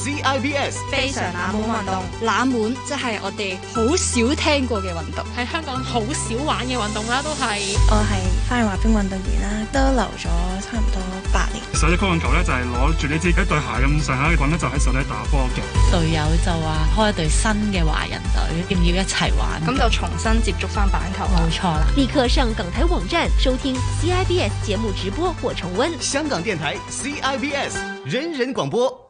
CIBS 非常冷門運動，冷門即係我哋好少聽過嘅運動，喺香港好少玩嘅運動啦，啊，都係我係翻去滑冰運動員啦，啊，都留咗差唔多八年。手一曲棍球咧就係攞住呢支一對鞋咁上下嘅棍咧，就喺手底打波嘅。隊友就話開一隊新嘅華人隊，要唔要一齊玩？咁就重新接觸翻板球。冇錯啦。立刻上港台網站收聽 CIBS 節目直播或重温。香港電台 CIBS 人人廣播。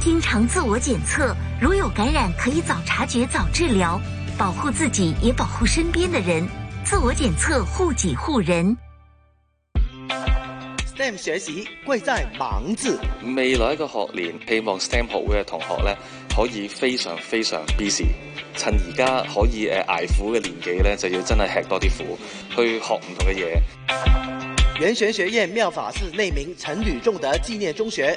經常自我檢測，如有感染，可以早察覺、早治療，保護自己也保護身邊的人。自我檢測，護己護人。STEM 學習貴在忙字。未來一個學年，希望 STEM 學會嘅同學咧，可以非常非常 busy，趁而家可以誒捱苦嘅年紀咧，就要真係吃多啲苦，去學唔同嘅嘢。圓玄學院妙法寺內明陳呂重德紀念中學。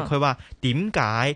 佢話：“點解？”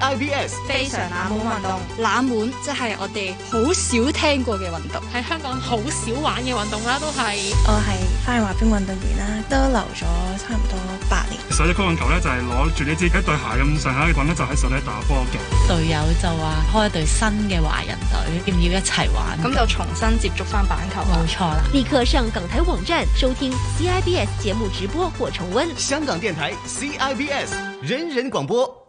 I B S 非常冷門運動，冷門即係我哋好少聽過嘅運動，喺香港好少玩嘅運動啦，都係我係翻去華兵運動員啦，都留咗差唔多八年。手一曲棍球咧就係攞住你自己一對鞋咁上下嘅棍咧，就喺上底打波嘅。隊友就話開一隊新嘅華人隊，要唔要一齊玩？咁就重新接觸翻板球冇錯啦。立刻上港台網站收聽 C I B S 節目直播或重溫。香港電台 C I B S 人人廣播。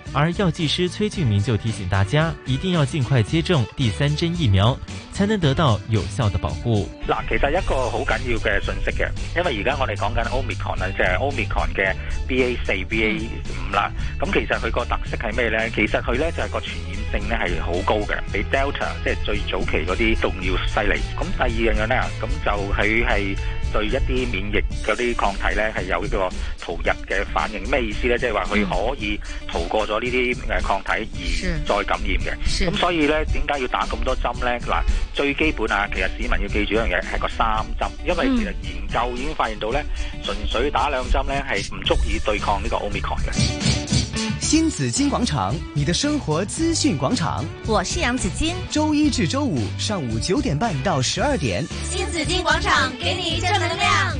而藥劑師崔俊明就提醒大家，一定要盡快接種第三針疫苗，才能得到有效的保護。嗱，其實一個好緊要嘅信息嘅，因為而家我哋講緊 omicron 啊，即係 omicron 嘅 BA 四、BA 五啦。咁其實佢個特色係咩咧？其實佢咧就係個傳染性咧係好高嘅，比 Delta 即係最早期嗰啲仲要犀利。咁第二樣嘢咧，咁就佢係對一啲免疫嗰啲抗體咧係有一個逃逸嘅反應。咩意思咧？即係話佢可以逃過咗。呢啲抗體而再感染嘅，咁所以呢點解要打咁多針呢？嗱，最基本啊，其實市民要記住一樣嘢，係個三針，因為其實研究已經發現到呢，嗯、純粹打兩針呢係唔足以對抗呢個 Omicron 嘅。新紫金廣場，你的生活資訊廣場，我是楊紫金，周一至周五上午九點半到十二點，新紫金廣場給你正能量。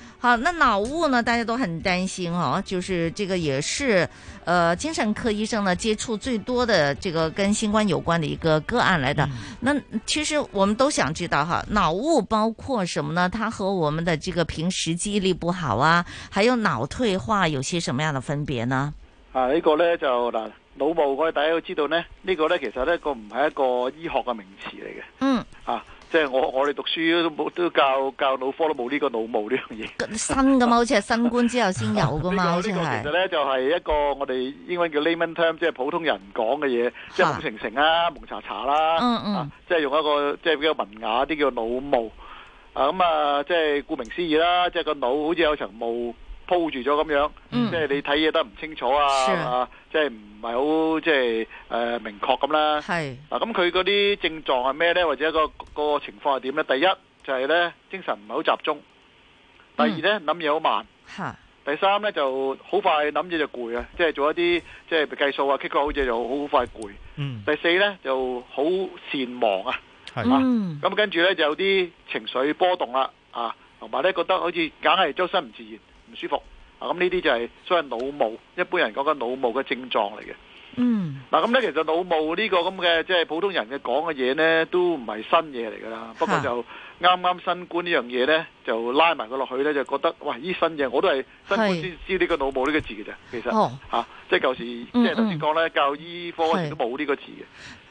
好，那腦霧呢？大家都很擔心哦，就是這個也是，呃，精神科醫生呢接觸最多的這個跟新冠有關的一個個案來的。嗯、那其實我們都想知道哈，腦霧包括什麼呢？它和我們的這個平時記憶力不好啊，還有腦退化有些什麼樣的分別呢？啊，呢個呢，就嗱，腦霧我哋大家都知道呢，呢個呢，其實呢個唔係一個醫學嘅名詞嚟嘅。嗯。啊。即、就、係、是、我我哋讀書都冇都教教腦科都冇呢個腦霧呢樣嘢。新噶嘛， 好似係新官之後先有噶嘛。呢、 啊呢個呢個其實咧就係、是、一個我哋英文叫 layman term，即係普通人講嘅嘢，即、就、係、是、蒙成成啦、啊、蒙查查啦，即、嗯、係、嗯啊就是、用一個即係比較文雅啲叫腦霧。啊咁啊，即、就、係、是、顧名思義啦、啊，即係個腦好似有層霧。鋪住咗咁樣，即係你睇嘢都唔清楚啊，即係唔係好即係誒明確咁啦。係嗱，咁佢嗰啲症狀係咩咧？或者個個情況係點咧？第一就係、是、咧精神唔係好集中，第二咧諗嘢好慢，第三咧就好快諗嘢就攰啊，即係做一啲即係計數啊、calculate 好似就好快攰、嗯。第四咧就好善忘啊，係嘛，咁跟住咧就有啲情緒波動啦、啊，啊同埋咧覺得好似梗係周身唔自然。唔舒服啊！咁呢啲就係所謂腦霧，一般人講緊腦霧嘅症狀嚟嘅。嗯，嗱咁咧，其實腦霧呢個咁嘅，即係普通人嘅講嘅嘢咧，都唔係新嘢嚟噶啦。不過就啱啱新冠呢樣嘢咧，就拉埋佢落去咧，就覺得喂，依新嘢，我都係新冠先知呢個腦霧呢個字嘅啫。其實嚇，即係舊時，即係頭先講咧，教醫科時都冇呢個字嘅。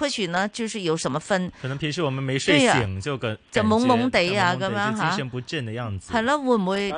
或許呢，就是有什麼分？可能平時我們沒睡醒，啊、就跟就懵懵地啊咁樣吓，精神不振的樣子。係咯、啊，會唔會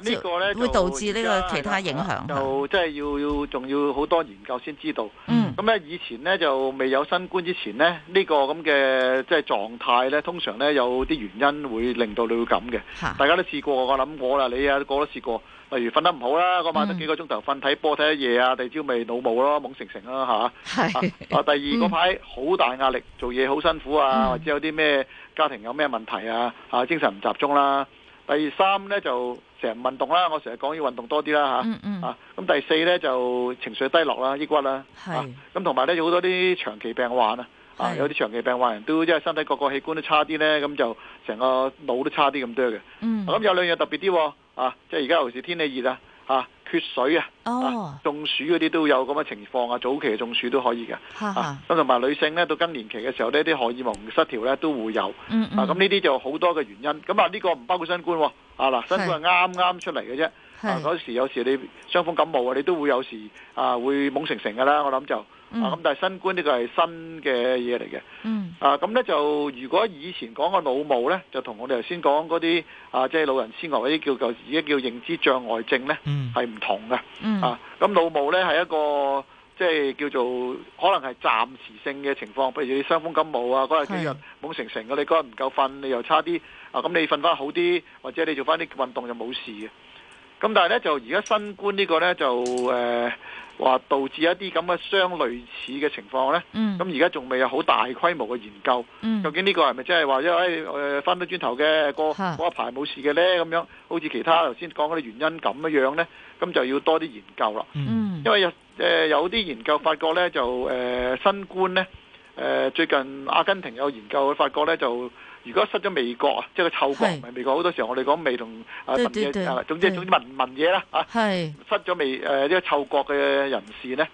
會導致呢個其他影響？就真係要要，仲要好多研究先知道。嗯，咁、嗯、咧以前咧就未有新冠之前咧，呢、呢個咁嘅即係狀態咧，通常咧有啲原因會令到你會咁嘅。大家都試過，我諗我啦，你啊，個都試過。例如瞓得唔好啦，嗰晚得幾個鐘頭瞓，睇波睇一夜啊，第二朝咪腦霧咯，懵成成啦嚇。啊，第二嗰排好大壓力，做嘢好辛苦啊，或者有啲咩家庭有咩問題啊，嚇，精神唔集中啦。第三咧就成日運動啦，我成日講要運動多啲啦嚇。啊，咁第四咧就情緒低落啦，抑鬱啦。係。咁同埋咧有好多啲長期病患啊，啊有啲長期病患人都即係身體各個器官都差啲咧，咁就成個腦都差啲咁多嘅。嗯。咁有兩樣特別啲。啊，即係而家尤其是天氣熱啊，吓、啊、缺水啊，oh. 啊中暑嗰啲都有咁嘅情況啊。早期中暑都可以嘅，咁同埋女性咧到更年期嘅時候些的呢，啲荷爾蒙失調咧都會有。啊，咁呢啲就好多嘅原因。咁啊呢個唔包括新冠、哦，啊嗱，新冠係啱啱出嚟嘅啫。嗰、啊、時有時你傷風感冒啊，你都會有時啊會懵成成噶啦。我諗就。嗯、啊！咁但係新冠呢個係新嘅嘢嚟嘅。嗯。啊，咁咧就如果以前講個腦霧咧，就同我哋頭先講嗰啲啊，即係老人痴呆或者叫做而家叫認知障礙症咧，係唔同嘅。嗯。啊，咁腦霧咧係一個即係叫做可能係暫時性嘅情況，譬如你傷風感冒啊，嗰日幾日懵成成嘅，你嗰日唔夠瞓，你又差啲啊，咁你瞓翻好啲，或者你做翻啲運動就冇事嘅。咁但係咧就而家新冠呢個咧就誒。呃話導致一啲咁嘅相類似嘅情況呢，咁而家仲未有好大規模嘅研究，嗯、究竟呢個係咪真係話因為誒翻到轉頭嘅嗰一排冇事嘅呢，咁樣，好似其他頭先講嗰啲原因咁樣樣咧，咁就要多啲研究啦、嗯。因為有啲研究發覺呢，就誒、呃、新冠呢，誒、呃、最近阿根廷有研究佢發覺呢就。如果失咗味覺，即係個嗅覺唔係味覺。好多時候我哋講味同啊嘢總之總之民民聞聞嘢啦嚇。對對對啊對對對啊，失咗味呢個嗅覺嘅人士咧，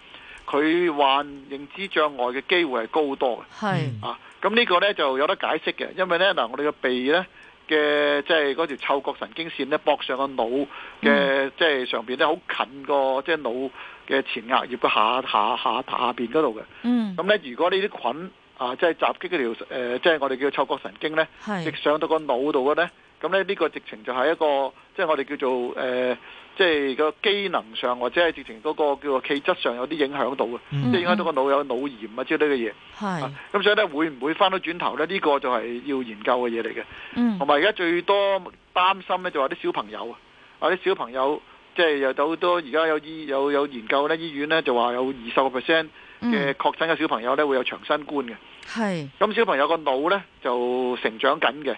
佢患認知障礙嘅機會係高多嘅。啊，咁呢個咧就有得解釋嘅，因為咧嗱，我哋嘅鼻咧嘅即係嗰條嗅覺神經線咧，駁上個腦嘅即係上面咧，好近個即係腦嘅前額葉嘅下下下下下邊嗰度嘅。嗯。咁咧，如果呢啲菌啊，即係襲擊嗰條、呃、即係我哋叫嗅覺神經咧，直上到個腦度嘅咧，咁咧呢個直情就係一個，即係我哋叫做誒、呃，即係個機能上或者係直情嗰個叫做器質上有啲影響到嘅、嗯，即係影響到個腦有腦炎啊之類嘅嘢。係，咁、啊、所以咧會唔會翻到轉頭咧？呢、呢個就係要研究嘅嘢嚟嘅。嗯。同埋而家最多擔心咧，就話、是、啲小朋友啊，啲小朋友即係又有好多而家有醫有有研究咧，醫院咧就話有二十個 percent。嘅確診嘅小朋友咧，會有長新冠嘅。係咁，小朋友個腦咧就成長緊嘅。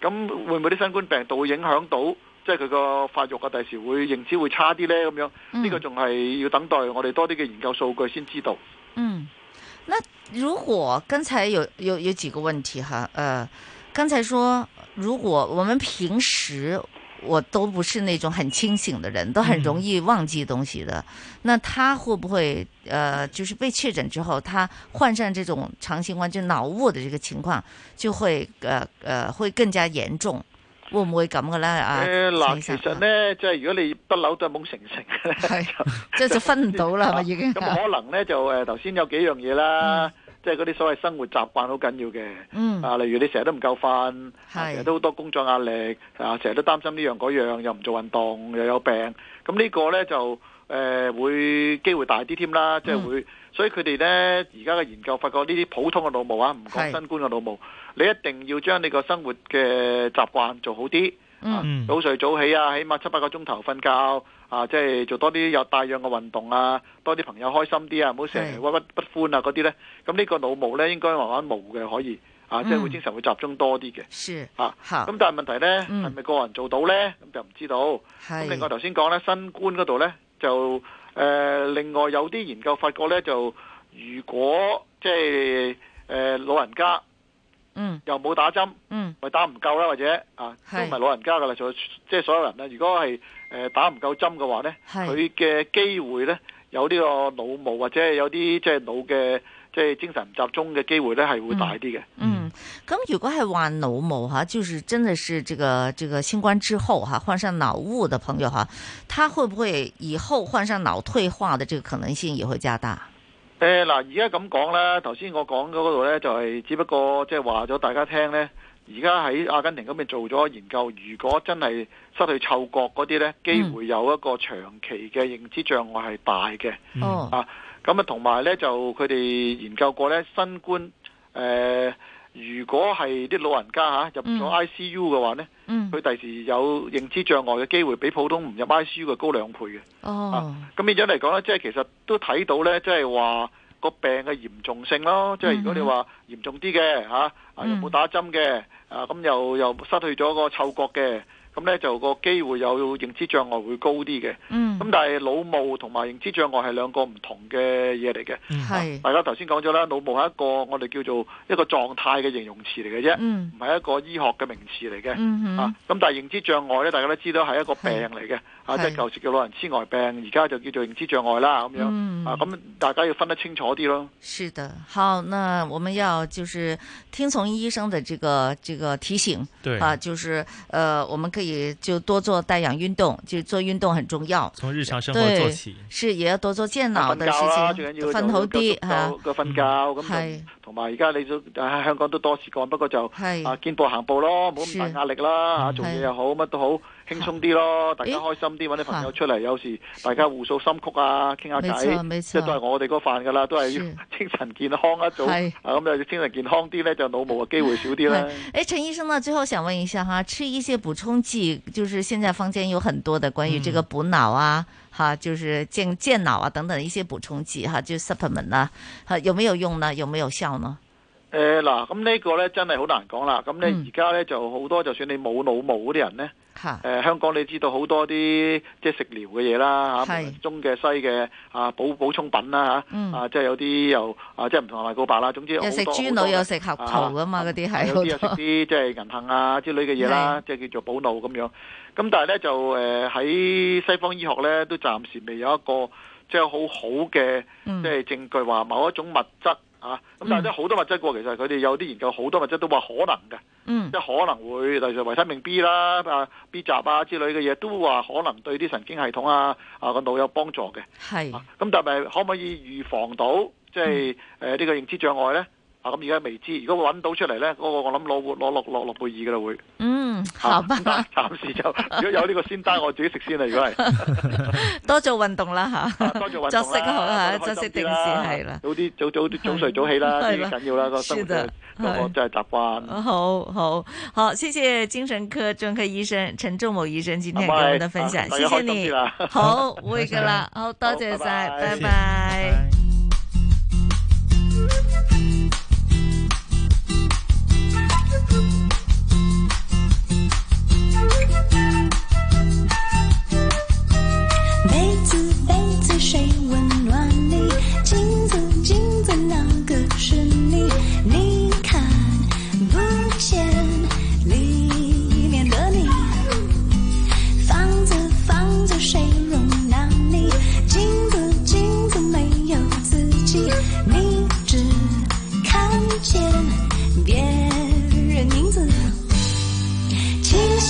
咁會唔會啲新冠病毒會影響到，即係佢個發育嘅第時會認知會差啲咧？咁樣呢個仲係要等待我哋多啲嘅研究數據先知道。嗯，如果剛才有有有幾個問題哈？誒、呃，剛才說如果我們平時。我都不是那種很清醒的人，都很容易忘記東西的。嗯、那他會不會呃，就是被確診之後，他患上這種長新冠就腦霧的這個情況，就會呃呃會更加嚴重。會唔會咁嘅咧？啊？誒，嗱，其實咧，即係如果你不嬲都係懵成成，係即係就分唔到啦，係 咪已經？咁、啊、可能咧就誒，頭、呃、先有幾樣嘢啦。嗯即係嗰啲所謂生活習慣好緊要嘅、嗯，啊，例如你成日都唔夠瞓，成日都好多工作壓力，啊，成日都擔心呢樣嗰樣，又唔做運動，又有病，咁呢個呢，就誒會、呃、機會大啲添啦，即、就、係、是、會、嗯、所以佢哋呢，而家嘅研究發覺呢啲普通嘅老毛病、啊，唔講新冠嘅老毛病，你一定要將你個生活嘅習慣做好啲。嗯，早、啊、睡早起啊，起碼七八個鐘頭瞓覺啊，即係做多啲有帶氧嘅運動啊，多啲朋友開心啲啊，唔好成日鬱鬱不歡啊嗰啲呢。咁呢個腦霧呢應該慢慢霧嘅可以啊，即係會精神會集中多啲嘅。啊，咁但係問題呢，係、嗯、咪個人做到呢？咁就唔知道。咁、啊、另外頭先講呢，新冠嗰度呢，就誒、呃，另外有啲研究發覺呢，就如果即係、呃、老人家。嗯，又冇打針，嗯，咪打唔夠啦，或者啊，都唔係老人家噶啦，就即係所有人啦，嗯嗯嗯。如果係誒打唔夠針嘅話咧，佢嘅機會咧有呢個腦霧或者係有啲即係腦嘅即係精神唔集中嘅機會咧係會大啲嘅。嗯，咁如果係患腦霧哈，就是真的是這個這個新冠之後哈患上腦霧嘅朋友哈，他會唔會以後患上腦退化嘅這個可能性也會加大？誒、呃、嗱，而家咁講咧，頭先我講嗰度咧，就係只不過即係話咗大家聽咧，而家喺阿根廷嗰邊做咗研究，如果真係失去嗅覺嗰啲咧，機會有一個長期嘅認知障礙係大嘅。哦、嗯，啊，咁啊，同埋咧就佢哋研究過咧，新冠誒。呃如果係啲老人家嚇入咗 ICU 嘅話呢，佢第時有認知障礙嘅機會比普通唔入 ICU 嘅高兩倍嘅。咁變咗嚟講呢，即係其實都睇到呢，即係話個病嘅嚴重性咯。即係如果你話嚴重啲嘅嚇啊，又冇打針嘅、嗯，啊咁又又失去咗個嗅覺嘅。咁咧就個機會有認知障礙會高啲嘅，咁、嗯、但係腦霧同埋認知障礙係兩個唔同嘅嘢嚟嘅。係、啊、大家頭先講咗啦，腦霧係一個我哋叫做一個狀態嘅形容詞嚟嘅啫，唔、嗯、係一個醫學嘅名詞嚟嘅、嗯。啊，咁但係認知障礙咧，大家都知道係一個病嚟嘅，啊即係舊時叫老人痴呆病，而家就叫做認知障礙啦咁樣。啊咁，大家要分得清楚啲咯。是的，好，那我們要就是聽從醫生的這個這個提醒對，啊，就是，呃，我們可。可以就多做帶氧運動，就做運動很重要。從日常生活做起，是也要多做健腦的事情。瞓好啲，啊，瞓、嗯、覺，咁同同埋而家你都啊香港都多事幹，不過就啊健步行步咯，冇咁大壓力啦，吓、啊、做嘢又好，乜都好。嗯輕鬆啲咯，大家開心啲，揾、欸、啲朋友出嚟，有時大家互訴心曲啊，傾下偈，即係都係我哋嗰飯噶啦，都係精神健康一早，啊咁就精神健康啲咧，就腦霧嘅機會少啲啦。誒，陳醫生呢，最後想問一下哈，吃一些補充劑，就是現在坊間有很多的關於這個補腦啊，哈、嗯啊，就是健健腦啊等等一些補充劑哈、啊，就是、supplement 啊，哈、啊啊，有沒有用呢？有沒有效呢？誒，嗱，咁呢個咧真係好難講啦。咁咧而家咧就好多，就算你冇腦霧嗰啲人咧，誒，香港你知道好多啲即係食療嘅嘢啦，吓，中嘅西嘅啊，補補充品啦，吓，啊，即係有啲又啊，即係唔同阿麥告白啦，總之有食豬腦有食合桃噶嘛，嗰啲係有啲又食啲即係銀杏啊之類嘅嘢啦，即係叫做補腦咁樣。咁但係咧就誒喺西方醫學咧都暫時未有一個即係好好嘅即係證據話某一種物質。啊、嗯！咁但係都好多物質過其實佢哋有啲研究。好多物質都話可能嘅，嗯，即係可能會，例如維生命 B 啦、啊 B 集，啊之類嘅嘢，都話可能對啲神經系統啊，啊個腦有幫助嘅。係，咁、啊、但係可唔可以預防到，即係誒呢個認知障礙咧？啊咁而家未知，如果搵到出嚟咧，個我諗攞活攞落落諾貝爾噶啦會。嗯，好吧，暫、啊、時就如果有呢個仙丹， 我自己食先啦。如果係、 啊，多做運動啦吓，作息好吓、啊，作息定時係啦，早啲早早早睡早起啦，呢啲緊要啦個。生活。我真係習慣。好好好，謝謝精神科專科醫生陳仲謀醫生今天給我們的分享，啊、謝謝你。啊、好， 好，會噶啦，好多謝晒，拜拜。多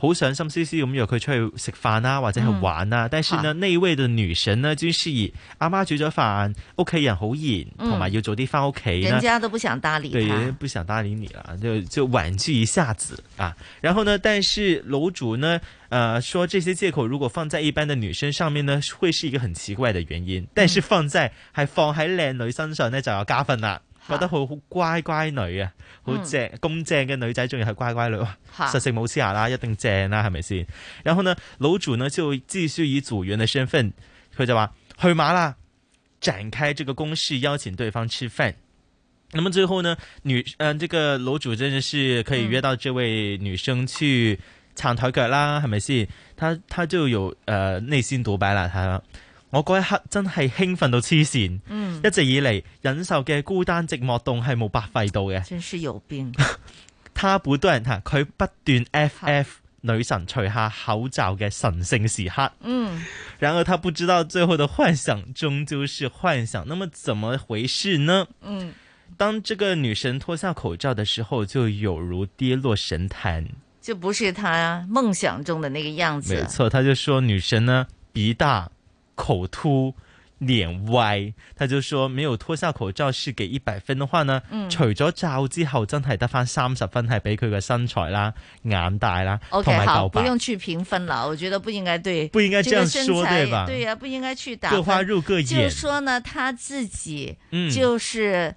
好想心思思咁約佢出去食飯啊，或者係玩啊、嗯。但是呢，那一位的女神呢，就是以阿媽煮咗飯，屋企人好嚴，同埋要早啲返屋企 OK、嗯。人家都不想搭理，對，不想搭理你啦，就就婉拒一下子啊。然後呢，但是樓主呢，呃，說這些借口如果放在一般的女生上面呢，會是一個很奇怪的原因。但是放在係放喺靚女身上呢、啊，就要加分啦。覺得佢好乖乖女啊，好正咁正嘅女仔，仲要係乖乖女，女乖乖女嗯、實食冇黐牙啦，一定正啦，啊，係咪先？然後呢，樓主呢就繼續以組員嘅身份，佢就話去馬喇展開這個攻勢，邀請對方吃飯。咁麼最後呢，女，嗯、呃，這個樓主真的是可以約到這位女生去撐台腳啦，係咪先？她他，他就有，呃，內心獨白啦，他。我嗰一刻真係興奮到黐線，嗯，一直以嚟忍受嘅孤單寂寞凍係冇白費到嘅。真是有病！ 他不斷吓佢不斷 F F 女神除下口罩嘅神聖時刻。嗯，然而他不知道最後的幻想終究是幻想。那麼怎麼回事呢？嗯，當這個女神脱下口罩的時候，就有如跌落神壇，就不是他夢想中的那個樣子，啊。沒錯，他就說女神呢鼻大。口凸臉歪，他就說沒有脱下口罩是給一百分的話呢，嗯、除咗罩之後真係得返三十分，係俾佢個身材啦、眼大啦，同埋夠白，okay，好，不用去評分啦，我覺得不應該對，不應該這樣說、這個、對吧？對呀、啊，不應該去打。各花入各眼，就說呢，他自己，就是、嗯。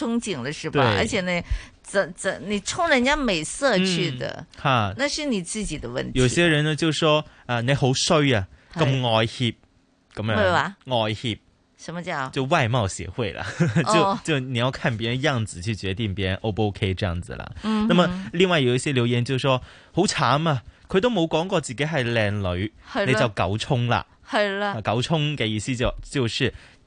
憧憬了是吧？而且呢，怎怎你沖人家美色去的、嗯、哈？那是你自己的問題。有些人呢就說啊、呃，你好衰啊，咁外協，咁樣會吧？外協什麼叫？就外貌協會啦，哦、 就就你要看別人樣子去決定別人 O 不 OK 這樣子啦。嗯哼哼。那麼另外有一些留言就說好慘啊，佢都冇講過自己係靚女，你就狗沖啦，係啦。狗沖嘅意思就就是。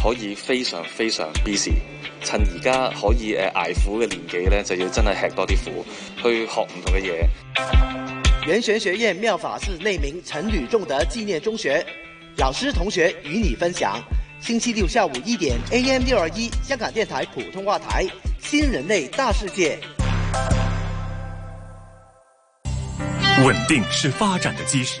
可以非常非常 busy，趁而家可以誒挨苦嘅年紀咧，就要真係吃多啲苦，去學唔同嘅嘢。圓玄學院妙法寺內明陳呂重德紀念中學老師同學與你分享，星期六下午一點 AM 六二一香港電台普通話台《新人類大世界》。穩定是發展的基石。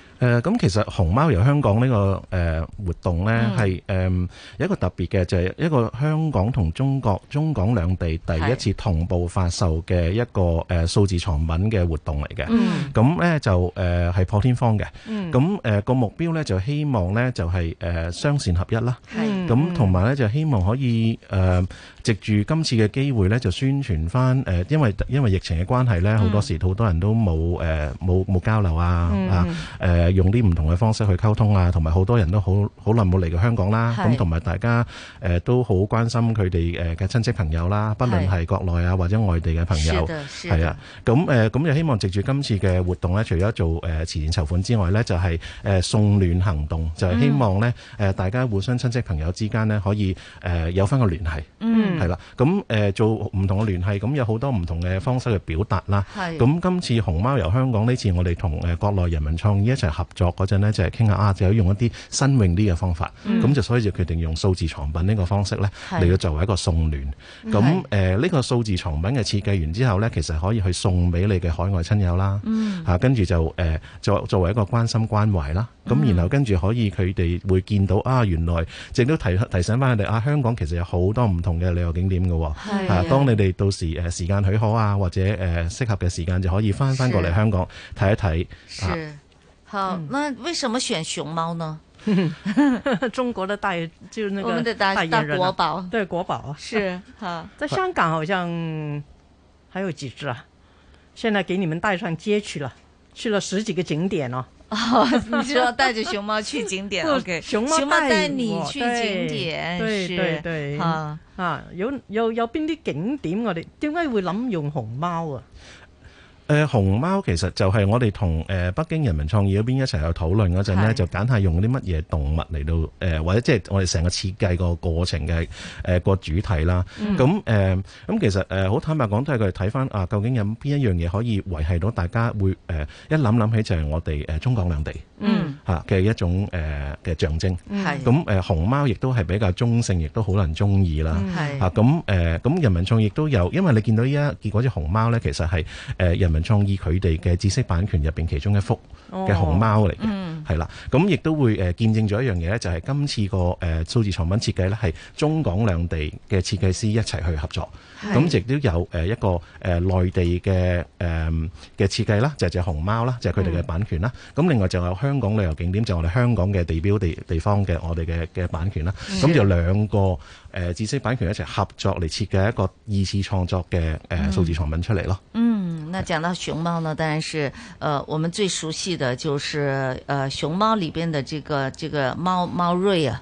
誒、呃、咁其實熊貓遊香港呢、這個誒、呃、活動呢，係、嗯、誒、呃、有一個特別嘅，就係、是、一個香港同中國中港兩地第一次同步發售嘅一個誒、呃、數字藏品嘅活動嚟嘅。咁、嗯、呢就誒係、呃、破天荒嘅。咁誒個目標呢，就希望呢就係、是、誒、呃、雙線合一啦。咁同埋呢，就希望可以誒。呃藉住今次嘅機會咧，就宣傳翻誒，因為因為疫情嘅關係咧，好、嗯、多時好多人都冇誒冇冇交流啊、嗯、啊、呃、用啲唔同嘅方式去溝通啊，同埋好多人都好好耐冇嚟過香港啦。咁同埋大家誒、呃、都好關心佢哋嘅親戚朋友啦，不論係國內啊或者外地嘅朋友係啊。咁誒咁又希望藉住今次嘅活動咧，除咗做誒慈善籌款之外咧，就係、是、送暖行動，嗯、就係、是、希望咧、呃、大家互相親戚朋友之間呢可以誒、呃、有翻個聯繫。嗯係、嗯、啦，咁誒、呃、做唔同嘅聯繫，咁、嗯、有好多唔同嘅方式去表達啦。咁今次熊貓由香港呢次我，我哋同誒國內人民創意一齊合作嗰陣呢，就係傾下啊，就可以用一啲新穎啲嘅方法，咁、嗯、就所以就決定用數字藏品呢個方式呢嚟到作為一個送聯。咁誒呢個數字藏品嘅設計完之後呢，其實可以去送俾你嘅海外親友啦。嗯啊、跟住就誒、呃、作作為一個關心關懷啦。咁、嗯，然後跟住可以，佢哋會見到啊！原來亦都提提醒返佢哋啊，香港其實有好多唔同嘅旅遊景點㗎喎、哦。係、啊。當你哋到時誒、呃、時間許可啊，或者誒適、呃、合嘅時間就可以返返過嚟香港睇一睇。是。啊、好、嗯，那為什麼選熊貓呢？ 中國的大就那個大、啊、大，大國寶，對國寶啊。是。好、啊，在香港好像還有幾隻啊！現在給你們帶上街去了，去了十幾個景點咯、啊。 哦，你說帶着熊貓去景點 ，OK 熊貓帶你去景點，對對對，對是啊，啊，有有有邊啲景點我哋點解會諗用熊貓啊？誒、呃、熊貓其實就係我哋同誒北京人民創意嗰邊一齊去討論嗰陣咧，就揀下用啲乜嘢動物嚟到誒，或者即係我哋成個設計個過程嘅誒個主題啦。咁誒咁其實誒好、呃、坦白講，都係佢哋睇翻啊，究竟有邊一樣嘢可以維係到大家會誒、呃、一諗諗起就係我哋誒、呃、中港兩地嗯嚇嘅、啊、一種誒嘅、呃、象徵。咁誒熊貓亦都係比較中性，亦都好多人中意啦。係咁誒咁人民創意都有，因為你見到依家結果隻熊貓咧，其實係誒、呃、人民。創意佢哋嘅知識版權入邊其中一幅嘅熊貓嚟嘅。係、哦、啦，咁亦都會誒見證咗一樣嘢咧，就係、是、今次個誒數字藏品設計咧，係中港兩地嘅設計師一齊去合作，咁亦都有誒一個誒內地嘅誒嘅設計啦，就係隻熊貓啦，就係佢哋嘅版權啦，咁、嗯、另外就有香港旅遊景點，就係、我哋香港嘅地標地地方嘅我哋嘅嘅版權啦，咁、嗯、就有兩個。誒、呃、知識版權一齊合作嚟設計一個二次創作嘅誒數字藏品出嚟咯。嗯，那講到熊貓呢，當然是，呃我們最熟悉的就是，呃熊貓裏邊的這個這個貓貓瑞啊。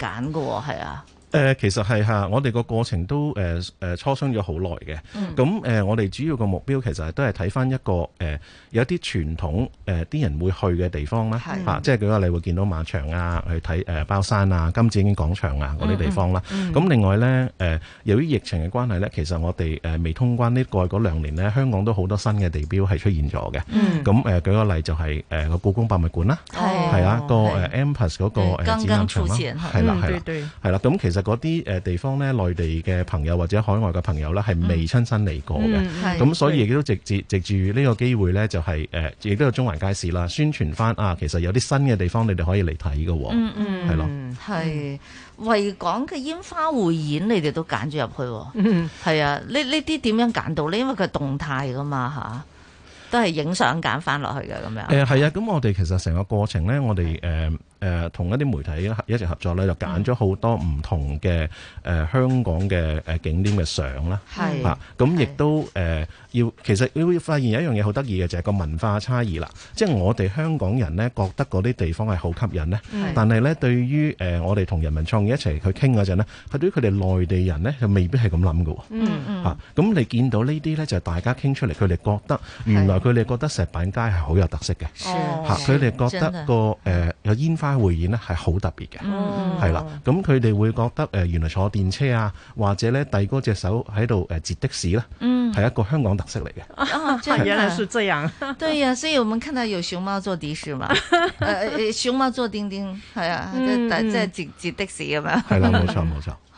揀嘅喎，係啊。誒、呃、其實係我哋個過程都誒誒磋商咗好耐嘅。咁、呃、誒、嗯呃、我哋主要個目標其實都係睇翻一個誒、呃、有啲傳統誒啲、呃、人會去嘅地方啦，嚇，即係舉個例會見到馬場啊，去睇誒、呃、包山啊、金紫荊廣場啊嗰啲、嗯、地方啦。咁、嗯嗯、另外咧誒、呃，由於疫情嘅關係咧，其實我哋未通關呢過去嗰兩年咧，香港都好多新嘅地標係出現咗嘅。咁、嗯、誒、呃、舉個例就係誒個故宮博物館啦，係、哦、啊個誒 Empress 嗰個展覽場啦，係係咁其實嗰啲誒地方咧，內地嘅朋友或者海外嘅朋友咧，係未親身嚟過嘅，咁、嗯嗯、所以亦都直接藉住呢個機會咧，就係、是、誒，亦、呃、都有中環街市啦，宣傳翻啊，其實有啲新嘅地方你哋可以嚟睇嘅，係、嗯、咯，係、嗯。維港嘅煙花匯演你哋、啊嗯啊，你哋都揀咗入去，係啊？呢呢啲點樣揀到呢？因為佢動態噶嘛嚇、啊，都係影相揀翻落去嘅咁樣。誒、嗯、係啊，咁、嗯啊、我哋其實成個過程咧，我哋誒。誒、呃、同一啲媒體一一齊合作咧，就揀咗好多唔同嘅誒、呃、香港嘅誒、呃、景點嘅相啦，咁亦、啊、都誒要、呃、其實你會發現有一樣嘢好得意嘅就係、是、個文化差異啦，即係我哋香港人呢，覺得嗰啲地方係好吸引呢。但係呢，對於誒、呃、我哋同人民創意一齊去傾嗰陣呢，對對於佢哋內地人呢，就未必係咁諗㗎喎，咁、嗯嗯啊、你見到呢啲呢，就是、大家傾出嚟，佢哋覺得原來佢哋覺得石板街係好有特色嘅，佢哋、哦啊、覺得、個誒、呃、有煙花。會演咧係好特別嘅，係、嗯、啦，咁佢哋會覺得、呃、原來坐電車啊，或者咧遞嗰隻手喺度誒截的士啦、啊，係、嗯、一個香港特色嚟嘅、哦。原來是這樣，對呀、啊，所以我們看到有熊貓坐的士嘛，熊貓坐叮叮係啊，即係截截的士咁樣。係啦，冇錯冇錯。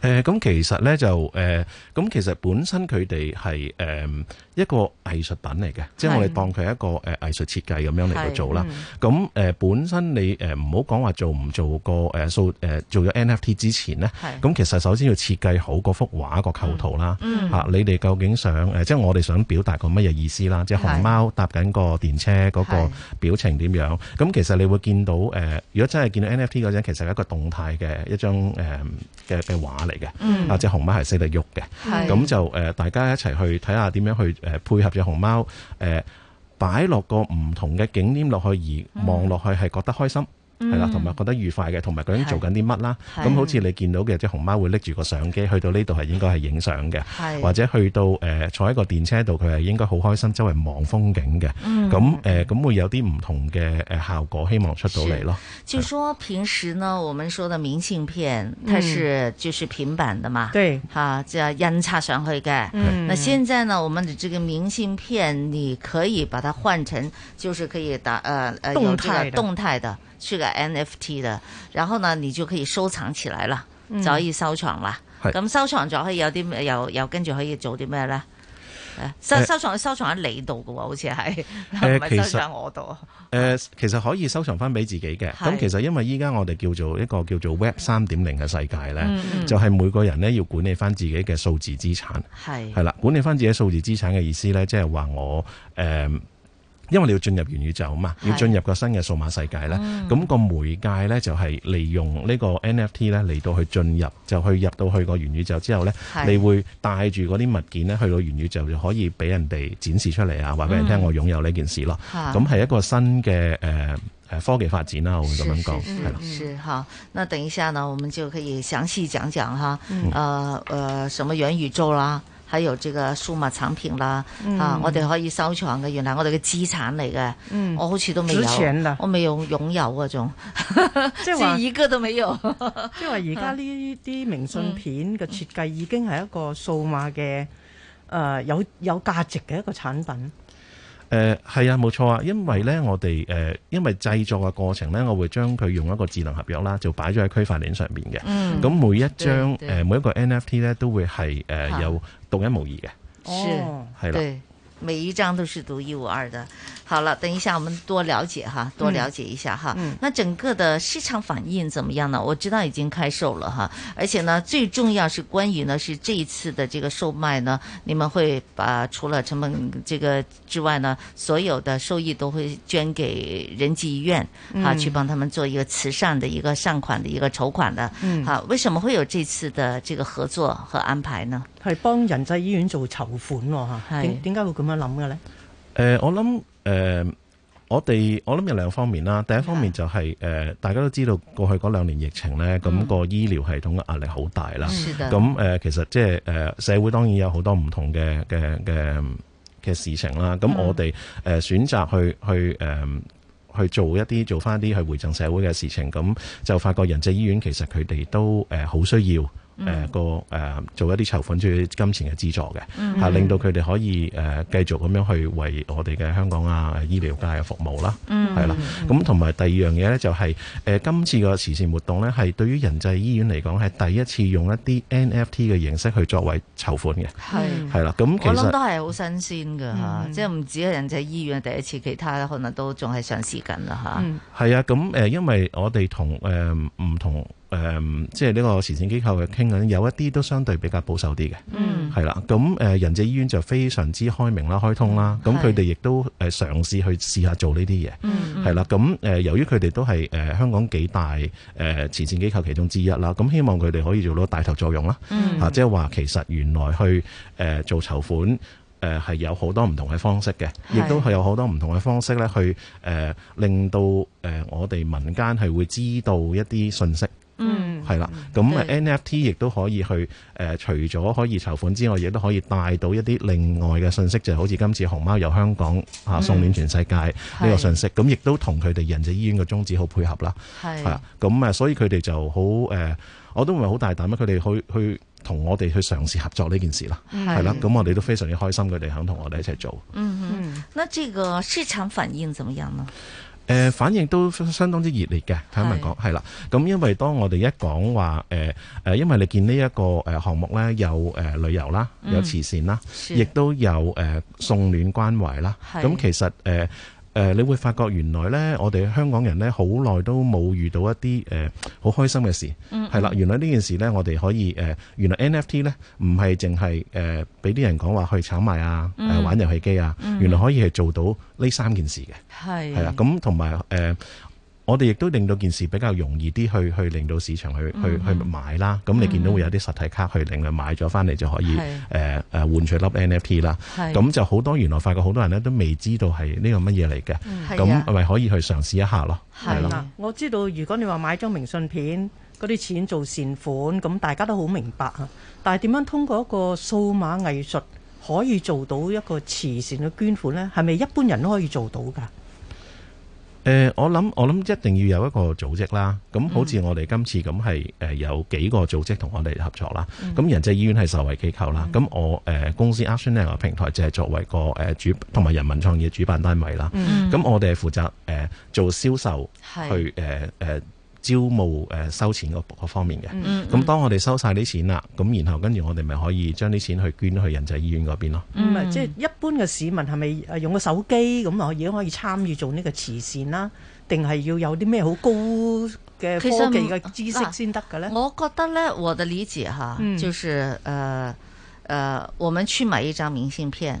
誒、呃、咁其實咧就誒咁、呃、其實本身佢哋係誒一個藝術品嚟嘅，即係我哋當佢係一個誒、呃、藝術設計咁樣嚟去做啦。咁誒、嗯呃、本身你誒唔好講話做唔做個誒、呃、做咗 NFT 之前咧，咁其實首先要設計好嗰幅畫個構圖啦。嚇、嗯啊嗯、你哋究竟想、呃、即係我哋想表達個乜嘢意思啦？即係熊貓搭緊個電車嗰個表情點樣？咁、嗯、其實你會見到誒、呃，如果真係見到 NFT 嗰陣，其實係一個動態嘅一張誒嘅嘅畫。嚟、嗯、嘅，啊隻熊貓係識得喐嘅，咁就誒、呃，大家一齊去睇下點樣去誒、呃、配合隻熊貓，誒擺落個唔同嘅景點，點落去而望落去係覺得開心。嗯係、嗯、啦，同埋、啊、覺得愉快嘅，同埋究竟做緊啲乜啦。咁好似你見到嘅隻、就是、熊貓會拎住個相機，去到呢度係應該係影相嘅，或者去到誒、呃、坐喺個電車度，佢係應該好開心，周圍望風景嘅。咁、嗯、誒，咁、呃、會有啲唔同嘅誒效果，希望出到嚟咯。是就是平時呢，我們說的明信片，它是、嗯、就是平板的嘛。對，哈、啊，叫印刷上去嘅、嗯。那現在呢，我們的這個明信片，你可以把它換成，就是可以打，呃，動、呃、態，動態的。出個 NFT 的，然後呢，你就可以收藏起來了，嗯、就可以收藏啦。咁收藏咗可以有啲，又又跟住可以做啲咩呢？收藏收藏喺、呃、你度嘅喎，好似係誒、其、呃、收藏我度誒、呃，其實可以收藏翻俾自己嘅。咁其實因為依家我哋叫做一個叫做 Web 三點零嘅世界呢、嗯，就係、是、每個人呢要管理翻自己嘅數字資產係係啦，管理翻自己數字資產嘅意思呢，即係話我誒。因為你要進入元宇宙嘛，要進入個新嘅數碼世界咧，咁、嗯、咁個媒介咧就係、是、利用呢個 NFT 咧嚟到去進入，就去入到去個元宇宙之後咧，你會帶住嗰啲物件咧去到元宇宙就可以俾人哋展示出嚟啊，話、嗯、俾人聽我擁有呢件事咯。咁係、啊、一個新嘅誒、呃、科技發展啦，我會咁樣講係啦。是哈，那等一下呢，我們就可以詳細講講哈，嗯、呃呃，什麼元宇宙啦。還有這個數碼產品啦，吓、嗯啊，我哋可以收藏嘅，原來我哋嘅資產嚟嘅、嗯。我好似都未有，我未有擁有嗰種。即、就、係、是、 一個都未、嗯嗯呃、有。即係話而家呢啲明信片嘅設計已經係一個數碼嘅，誒，有有價值嘅一個產品。誒、呃，係啊，冇錯啊，因為咧，我哋誒、呃，因為製作嘅過程咧，我會將佢用一個智能合約啦，就擺咗喺區塊鏈上面嘅。咁、嗯、每一張誒、呃、每一個 NFT 咧都會係誒有。呃獨一無二嘅，係啦，每一張都是獨一無二的。好了，等一下，我們多了解哈，多了解一下哈。嗯，那整個的市場反應怎麼樣呢？我知道已經開售了哈，而且呢，最重要是關於呢，是這一次的這個售賣呢，你們會把除了成本這個之外呢，所有的收益都會捐給仁濟醫院哈，啊、嗯，去幫他們做一個慈善的一個善款的一個籌款的。嗯，啊，為什麼會有這次的這個合作和安排呢？係幫仁濟醫院做籌款哈，吓，點點解會咁樣諗嘅呢？誒、呃，我諗。誒、uh,，我哋我諗有兩方面啦。第一方面就係、是、誒、呃，大家都知道過去嗰兩年疫情咧，咁、嗯，那個醫療系統嘅壓力好大啦。咁誒、呃，其實即係誒，社會當然有好多唔同嘅嘅嘅嘅事情啦。咁我哋誒、嗯呃、選擇去去誒、呃、去做一啲做翻啲去回贈社會嘅事情，咁就發覺仁濟醫院其實佢哋都誒好、呃、需要。誒、嗯、做一啲籌款，即係金錢嘅資助嘅，令到佢哋可以誒繼續咁樣去為我哋嘅香港啊醫療界嘅服務啦，係、嗯、啦。咁同埋第二樣嘢咧、就是，就、呃、係今次嘅慈善活動咧，係對於仁濟醫院嚟講係第一次用一啲 NFT 嘅形式去作為籌款嘅，係啦。咁其實我諗都係好新鮮㗎、嗯、即係唔止係仁濟醫院第一次，其他可能都仲係上市緊啦係啊，咁、嗯嗯嗯、因為我哋同唔同。誒、嗯，即係呢個慈善機構嘅傾緊，有一啲都相對比較保守啲嘅，係、嗯、啦。咁誒、嗯，仁濟醫院就非常之開明啦、開通啦。咁佢哋亦都嘗試去試下做呢啲嘢，係、嗯、啦。咁、嗯、由於佢哋都係香港幾大慈善機構其中之一啦，咁希望佢哋可以做到帶頭作用啦。嚇、嗯啊，即係話其實原來去誒做籌款誒係有好多唔同嘅方式嘅，亦都係有好多唔同嘅方式咧去誒、呃、令到誒我哋民間係會知道一啲信息。嗯，係啦，咁啊 NFT 亦都可以去、呃、除咗可以籌款之外，亦都可以帶到一啲另外嘅信息，就係好似今次熊貓由香港送暖全世界呢、嗯，這個信息，咁亦都同佢哋仁濟醫院嘅宗旨好配合啦。係咁啊，所以佢哋就好、呃、我都唔係好大膽啊，佢哋去去同我哋去嘗試合作呢件事啦。係啦，咁我哋都非常之開心，佢哋肯同我哋一齊做。嗯嗯，那這個市場反應怎麼樣呢？誒、呃、反應都相當之熱烈嘅，坦白講係啦。咁因為當我哋一講話誒因為你見呢一個誒項目咧，有旅遊啦、嗯，有慈善啦，亦都有、呃、送暖關懷啦。咁、嗯、其實誒。呃誒、呃，你會發覺原來呢，我哋香港人呢，好耐都冇遇到一啲誒好開心嘅事，係、嗯、啦、嗯。原來呢件事呢，我哋可以誒、呃，原來 NFT 呢，唔係淨係誒俾啲人講話去炒賣啊、嗯呃，玩遊戲機啊，嗯、原來可以係做到呢三件事嘅，係，係啊，咁同埋誒。呃我哋亦都令到件事比較容易啲，去去令到市場去去去買啦。咁、嗯、你見到會有啲實體卡去令你、嗯、買咗翻嚟就可以誒、呃、換取粒 NFT 啦。咁就好多原來發覺好多人咧都未知道係呢個乜嘢嚟嘅，咁係咪可以去嘗試一下咯？係啦，我知道如果你話買張明信片嗰啲錢做善款，咁大家都好明白啊。但係點樣通過一個數碼藝術可以做到一個慈善嘅捐款咧？係咪一般人都可以做到㗎？誒、呃，我諗我諗一定要有一個組織啦。咁好似我哋今次咁係、呃、有幾個組織同我哋合作啦。咁仁濟醫院係受惠機構啦。咁我、呃、公司 Upscaling 平台就係作為個、呃、主同埋人民創意主辦單位啦。咁我哋係負責、呃、做銷售去誒、呃呃招募誒收錢個方面嘅，咁、嗯嗯嗯、當我哋收晒啲錢啦，咁然後跟住我哋咪可以將啲錢去捐去仁濟醫院嗰邊咯。唔、嗯、係、嗯嗯，即係一般嘅市民係咪用個手機咁啊？已經可以參與做呢個慈善啦？定係要有啲咩好高嘅科技嘅知識先得嘅咧？我覺得咧，我嘅理解哈，就是誒誒、嗯呃呃，我們去買一張明信片。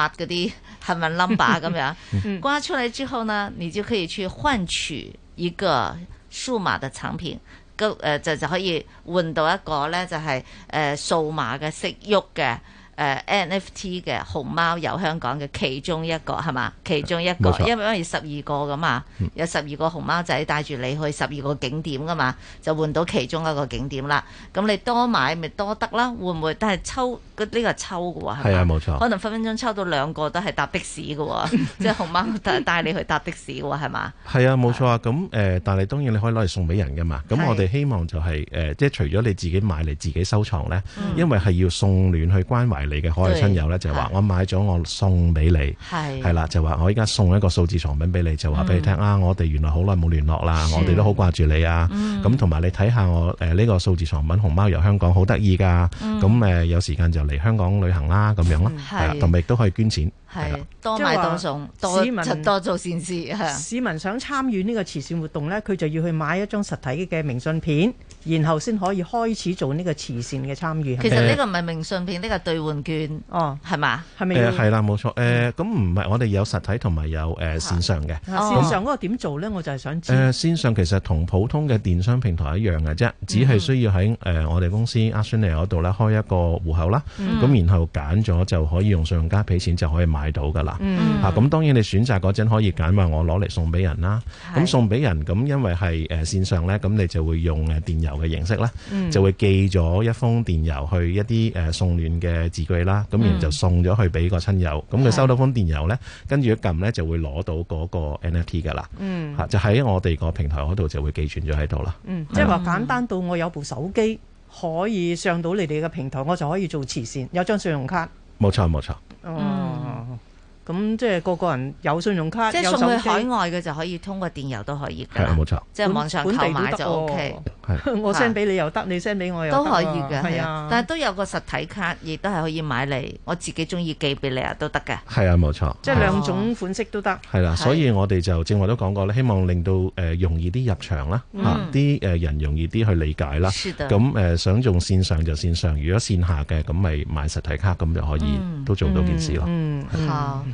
把嗰啲 number 咁樣刮出嚟之後呢，你就可以去換取一個數碼嘅產品，咁誒就、呃、就，就可以換到一個咧，就係誒數碼嘅色郁嘅。呃誒、uh, NFT 嘅熊貓遊香港嘅其中一個，係嘛？其中一個，因為十二個噶嘛，嗯、有十二個熊貓仔帶住你去十二個景點噶嘛，就換到其中一個景點啦。咁你多買咪多得啦，會唔會？但係抽，呢個抽嘅喎，係啊，冇錯。可能分分鐘抽到兩個都係搭的士嘅喎，即 係熊貓帶你去搭的士嘅喎，係嘛？係啊，冇錯啊。咁誒，但、呃、係當然你可以攞嚟送俾人嘅嘛。咁我哋希望就係、是、誒，即係、呃、除咗你自己買嚟自己收藏咧、嗯，因為係要送暖去關懷。你嘅可愛親友咧就話：我買咗我送俾你，係啦，就話我依家送一個數字藏品俾你，就話俾你聽、嗯、啊！我哋原來好耐冇聯絡啦，我哋都好掛住你啊！咁同埋你睇下我呢、呃呢個數字藏品，熊貓遊香港好得意㗎，咁有、嗯呃、有時間就嚟香港旅行啦，咁樣咯，同埋亦都可以捐錢，係啦，即多買多送市民多，多做善事，市民想參與呢個慈善活動咧，佢就要去買一張實體嘅明信片，然後先可以開始做呢個慈善嘅參與。其實呢個唔係明信片，呢、呢個兌換。證券哦，係嘛？係咪？誒、呃，係啦，冇錯。誒、呃，咁唔係我哋有實體同埋有誒線上嘅。線上嗰個點做咧？我就係想知。誒、哦呃，線上其實同普通嘅電商平台一樣嘅啫、嗯，只係需要喺誒、呃、我哋公司 Ascension 嗰度咧開一個戶口啦。咁、嗯、然後揀咗就可以用信用卡俾錢就可以買到噶啦、嗯。啊，咁當然你選擇嗰陣可以揀話我攞嚟送俾人啦。咁送俾人咁、嗯、因為係誒線上咧，咁你就會用誒電郵嘅形式啦、嗯，就會寄咗一封電郵去一啲誒、呃、送暖嘅。句啦，咁然後就送咗去俾個親友，咁、嗯、佢收到封電郵呢，跟住一撳呢就會攞到嗰個 NFT 噶啦，吓、嗯啊、就喺我哋個平台嗰度就會寄存咗喺度啦。嗯，即係話簡單到我有部手機可以上到你哋嘅平台，我就可以做慈善，有張信用卡。冇錯，冇錯。哦。嗯咁即係個個人有信用卡，即係送去海外嘅就可以通過電郵都可以，係啊，冇錯，即係網上購買就 O K。我 send 俾你又得，你 send 俾我又都可以嘅，係啊，啊，啊，啊。但係都有個實體卡，亦都係可以買嚟，我自己中意寄俾你啊都得嘅。係啊，冇錯，即係兩種款式都得。係、哦、啦、啊，所以我哋就正話都講過咧，希望令到誒、呃、容易啲入場啦，啲誒、啊嗯、人容易啲去理解啦。咁誒、呃、想用線上就線上，如果線下嘅咁咪買實體卡咁就可以都做到件事咯。嗯，嗯嗯。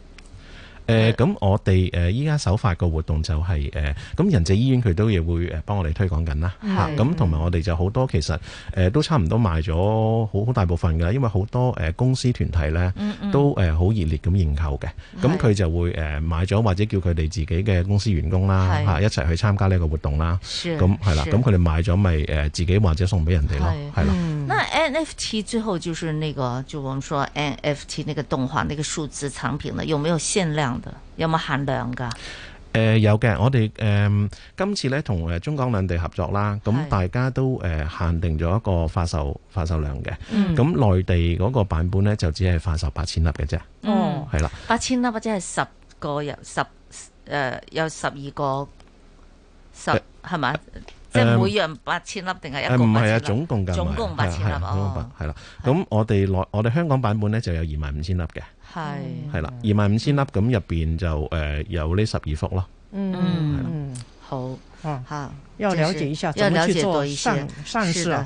誒、呃、咁我哋誒依家首發個活動就係，誒咁仁濟醫院佢都亦會誒幫我哋推廣緊啦，咁同埋我哋就好多、嗯、其實誒、呃、都差唔多賣咗好好大部分噶啦，因為好多、呃、公司團體咧、嗯嗯、都好、呃、熱烈咁認購嘅，咁佢就會誒、呃、買咗或者叫佢哋自己嘅公司員工啦、啊、一齊去參加呢個活動啦，咁係啦，咁佢哋買咗咪誒自己或者送俾人哋咯，係啦、嗯。那 NFT 最後就是那個就我們說 NFT 那個動畫那個數字產品呢，有沒有限量？有冇限量噶？誒、呃，有嘅，我哋誒、呃、今次咧同誒中港兩地合作啦，咁大家都誒、呃、限定咗一個發售發售量嘅，咁、嗯、內地嗰個版本咧就只係發售八千粒嘅啫，哦，係、嗯、啦，八千粒或者係十個 10,、呃、有十誒有十二個十係咪？10, 呃即係每樣八千粒定係一共八千粒？總共八千粒，係、呃、啦。咁、啊啊啊啊哦啊啊啊，我哋我哋香港版本咧就有二萬五千粒嘅，係係啦，二萬五千粒，咁入邊就誒、呃、有呢十二幅咯，嗯、係、啊、嗯、啊、好吓，又、就是、了解一下，就好似多上市上市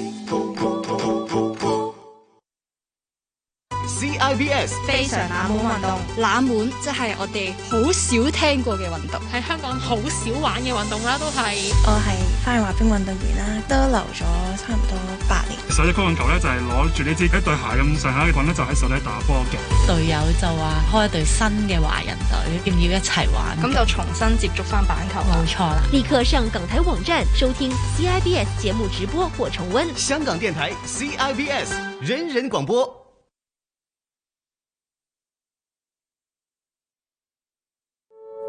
CIBS 非常冷門運動，冷門即係我哋好少聽過嘅運動，喺香港好少玩嘅運動啦，都係我係翻去滑冰運動員啦，都留咗差唔多八年。手一曲運球咧就係攞住呢支一對鞋咁上下嘅棍咧就喺手底打波嘅。隊友就話開一隊新嘅華人隊，要唔要一齊玩？咁就重新接觸翻板球。冇錯啦！立刻上港台網站收聽 CIBS 節目直播或重溫。香港電台 CIBS 人人廣播。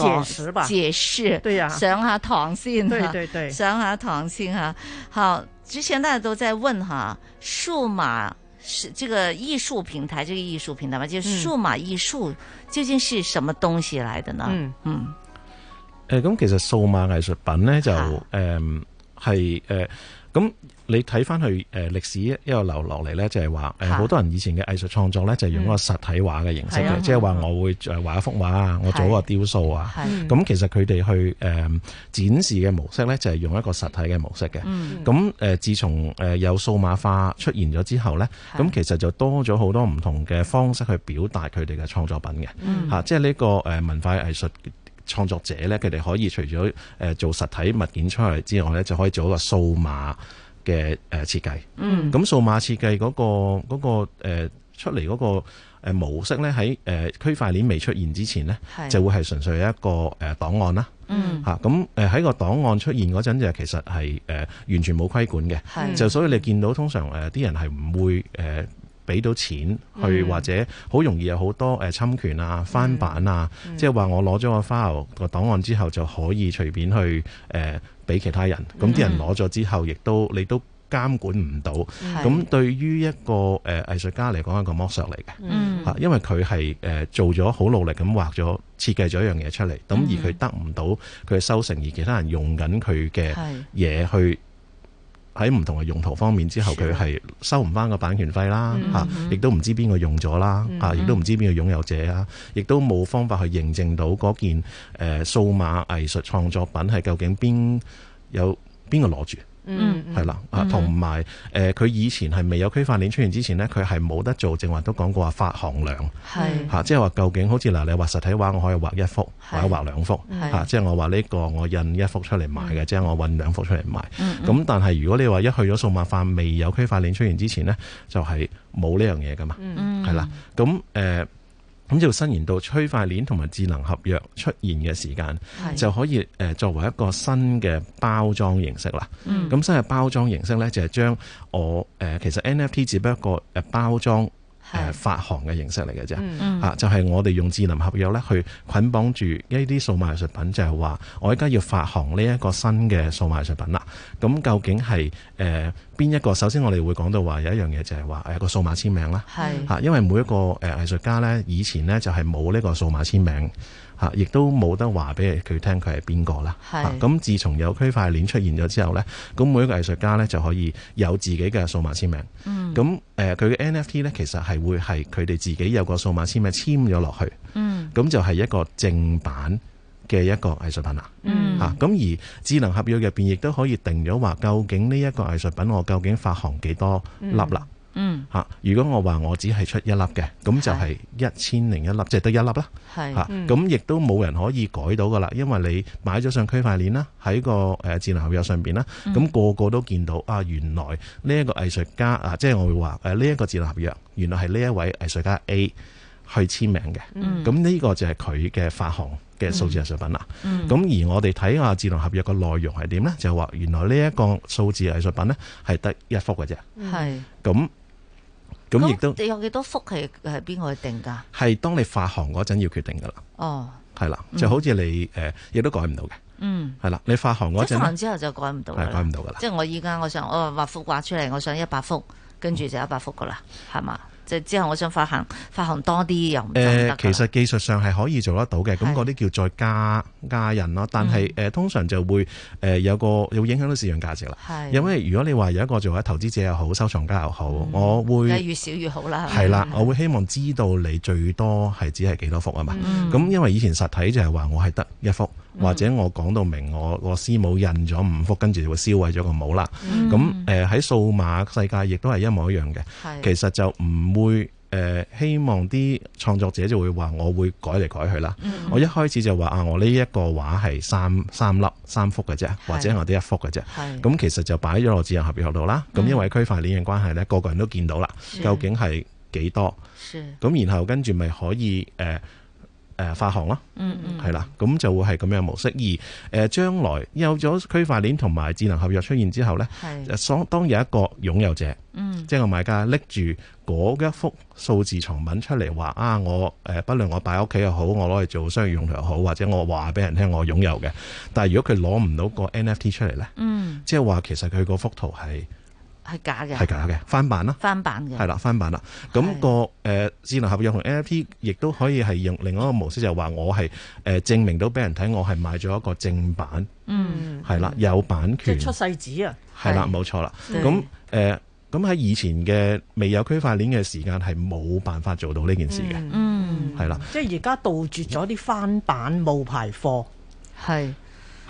解釋吧，解釋，對呀、啊，想下糖先，對對對，想下糖先哈，好，之前大家都在問哈，數碼是這個藝術平台，這個藝術平台嘛，就、這個、數碼藝術究竟是什麼東西來的呢？嗯，誒、嗯，咁、嗯嗯呃、其實數碼藝術品呢，就、啊、嗯，係誒。呃你睇翻去誒、呃、歷史一路流落嚟呢，就係話好多人以前嘅藝術創作呢，就係、用一個實體畫嘅形式嘅、嗯，即係話我會誒畫一幅畫啊、嗯，我做一個雕塑啊。咁其實佢哋去誒、呃、展示嘅模式呢，就係、是、用一個實體嘅模式嘅。咁、嗯呃、自從、呃、有數碼化出現咗之後呢，咁、嗯、其實就多咗好多唔同嘅方式去表達佢哋嘅創作品嘅、嗯啊。即係呢個文化藝術創作者呢，佢哋可以除咗做實體物件出嚟之外呢，就可以做一個數碼嘅誒設計，咁、嗯、數碼設計嗰、那個嗰、那個呃、出嚟嗰個模式咧，喺誒、呃、區塊鏈未出現之前咧，就會係純粹一個誒、呃、檔案啦。吓咁誒喺個檔案出現嗰陣，就其實係誒、呃、完全冇規管嘅，就所以你見到通常誒啲、呃、人係唔會誒俾、呃、到錢去，嗯、或者好容易有好多誒、呃、侵權啊、翻版啊，即係話我攞咗個 file 個檔案之後就可以隨便去誒。呃俾其他人，咁啲人攞咗之後，亦都你都監管唔到。咁對於一個誒藝術家嚟講，係一個剝削嚟嘅，嚇、嗯，因為佢係誒做咗好努力咁畫咗設計咗一樣嘢出嚟，咁、嗯、而佢得唔到佢嘅收成，而其他人用緊佢嘅嘢去。喺唔同嘅用途方面之後，佢係收唔翻個版權費啦，吓、嗯，亦都唔知邊個用咗啦，嚇、嗯！亦都唔知邊個擁有者啊，亦都冇方法去認證到嗰件誒數碼藝術創作品係究竟邊有邊個攞住。嗯，係、嗯、啦，啊，同埋，誒、呃，佢以前係未有區塊鏈出現之前呢，佢係冇得做，正話都講過話發行量，係，即係話究竟好似嗱，你畫實體畫，我可以畫一幅，或者畫兩幅，即係、啊就是、我畫呢個我印一幅出嚟賣嘅，即、嗯、係、就是、我印兩幅出嚟賣，咁、嗯、但係如果你話一去咗數碼化，未有區塊鏈出現之前呢，就係冇呢樣嘢噶嘛，係、嗯、啦，咁，誒、嗯。咁就伸延到催化鏈同埋智能合約出現嘅時間，就可以、呃、作為一個新嘅包裝形式啦。咁、嗯、新嘅包裝形式咧，就係、是、將我誒、呃、其實 NFT 只不過誒包裝。誒、呃、發行嘅形式嚟嘅啫，嚇、嗯嗯啊、就係、是、我哋用智能合約咧去捆綁住一啲數碼藝術品，就係、是、話我依家要發行呢一個新嘅數碼藝術品啦。咁究竟係誒邊一個？首先我哋會講到話有一樣嘢就係話有個數碼簽名啦、啊，因為每一個誒藝術家咧以前咧就係冇呢個數碼簽名。亦都冇得話俾佢聽佢係邊個啦。咁自從有區塊鏈出現咗之後呢，咁每一個藝術家呢就可以有自己嘅數碼簽名。咁佢嘅 NFT 呢，其實係會係佢哋自己有個數碼簽名簽咗落去。咁、嗯、就係一個正版嘅一個藝術品啦。嗯。咁而智能合約入邊亦都可以定咗話，究竟呢一個藝術品我究竟發行幾多粒啦？嗯嗯嚇，如果我話我只係出一粒嘅，咁就係一千零一粒，即係得一粒啦。係嚇，咁亦都冇人可以改到噶啦，因為你買咗上區塊鏈啦，喺個、呃、智能合約上面啦，咁、嗯嗯、個個都見到啊，原來呢一個藝術家啊，即係我會話呢一個智能合約，原來係呢一位藝術家 A 去簽名嘅。咁、嗯、呢、嗯這個就係佢嘅發行嘅數字藝術品啦。咁、嗯嗯啊、而我哋睇下智能合約個內容係點咧，就係話原來數呢一個數字藝術品咧係得一幅嘅啫。咁。嗯嗯咁亦都你有幾多幅係係邊個去定噶？係當你發行嗰陣要決定噶啦。哦，係啦，就好似你誒，亦都改唔到嘅。嗯，係、呃、啦、嗯，你發行嗰陣，發行之後就改唔到啦，改唔到噶啦。即係我依家我想我畫幅畫出嚟，我想一百幅，跟住就一百幅噶啦，係、嗯、嘛？是就之後我想發行發行多啲又唔得、呃、其實技術上係可以做得到嘅，咁嗰啲叫再加加人咯。但係誒、嗯呃，通常就會誒、呃、有個，有影響到市場價值啦。係，因為如果你話有一個，做話投資者又好，收藏家又好、嗯，我會越少越好啦。係、嗯、啦，我會希望知道你最多係只係幾多幅啊嘛。咁、嗯、因為以前實體就係話我係得一幅。或者我講到明，我個師母印咗五幅，跟住就會銷毀咗個模啦。咁誒喺數碼世界亦都係一模一樣嘅。其實就唔會誒、呃，希望啲創作者就會話，我會改嚟改去啦、嗯。我一開始就話啊，我呢一個畫係三三粒三幅嘅啫，或者我呢一幅嘅啫。咁其實就擺咗落智能合約度啦。咁、嗯、因為區塊鏈嘅關係呢，個個人都見到啦，究竟係幾多？咁然後跟住咪可以誒。呃呃、發行咯，嗯嗯，係啦，咁就會係咁樣模式。而誒、呃、將來有咗區塊鏈同埋智能合約出現之後咧，係，當有一個擁有者，嗯，即係個買家拎住嗰一幅數字藏品出嚟話啊，我、呃、不論我擺屋企又好，我攞嚟做商業用途又好，或者我話俾人聽我擁有嘅。但係如果佢攞唔到個 NFT 出嚟咧，嗯，即係話其實佢嗰幅圖係，係假嘅，係假嘅翻版啦，翻版嘅係啦，翻版啦。咁、那個誒智能合約同 NFT 亦都可以係用另外一個模式就，就係話我係誒證明到俾人睇，我係買咗一個正版，嗯，係啦、嗯，有版權，出世紙啊，係啦，冇錯啦。咁誒，咁、呃、喺以前嘅未有區塊鏈嘅時間，係冇辦法做到呢件事嘅，嗯，係啦、嗯，即係而家杜絕咗啲翻版冒、嗯、牌貨，係。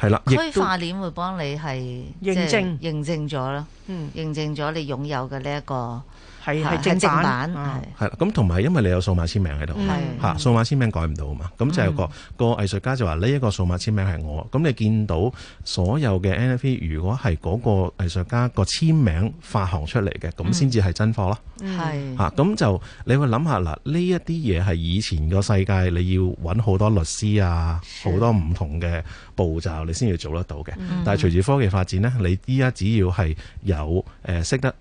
係啦，區塊鏈會幫你係，即係認證咗咯，嗯、就是，認證咗你擁有嘅呢一個。係係正正版係啦，咁同埋因為你有數碼簽名喺度嚇，數碼簽名改唔到啊嘛，咁就係、嗰個個、嗯、藝術家就話呢一個數碼簽名係我，咁你見到所有嘅 NFT 如果係嗰個藝術家個簽名發行出嚟嘅，咁先至係真貨咯。係、嗯、嚇，咁就你會諗下嗱，呢一啲嘢係以前個世界你要揾好多律師啊，好多唔同嘅步驟你先至做得到嘅、嗯。但係隨住科技發展咧，你依家只要係有誒識、呃、得。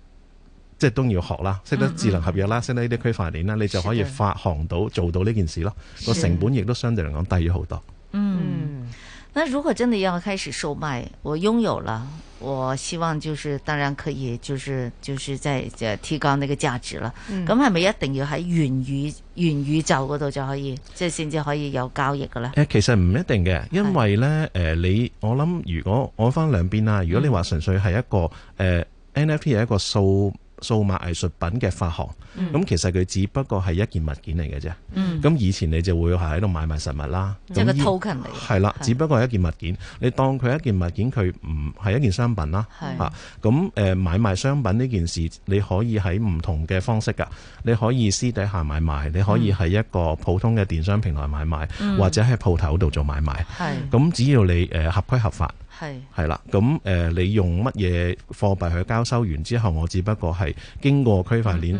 即係都要學啦，識得智能合約啦，識、嗯嗯、得呢啲區塊鏈啦，你就可以發行到做到呢件事咯。個成本亦都相對嚟講低咗好多。嗯，那如果真係要開始售賣，我擁有啦，我希望就是當然可以、就是，就是就是在提高那個價值啦。咁係咪一定要喺元宇元宇宙嗰度就可以，即係先至可以有交易嘅咧？誒、呃，其實唔一定嘅，因為咧誒、呃，你我諗如果我翻兩邊啦，如果你話純粹係一個誒、嗯呃、NFT 係一個數。數碼藝術品嘅發行，咁其實佢只不過係一件物件嚟嘅啫。咁、嗯、以前你就會係喺度買賣實物啦，即、嗯、係個套裙嚟。係啦，只不過係一件物件。你當佢一件物件，佢唔係一件商品啦。係咁誒買賣商品呢件事，你可以喺唔同嘅方式㗎。你可以私底下買賣，你可以喺一個普通嘅電商平台買賣，嗯、或者喺鋪頭度做買賣。係。咁只要你誒、呃、合規合法。係，係啦，咁、呃、你用乜嘢貨幣去交收完之後，我只不過係經過區塊鏈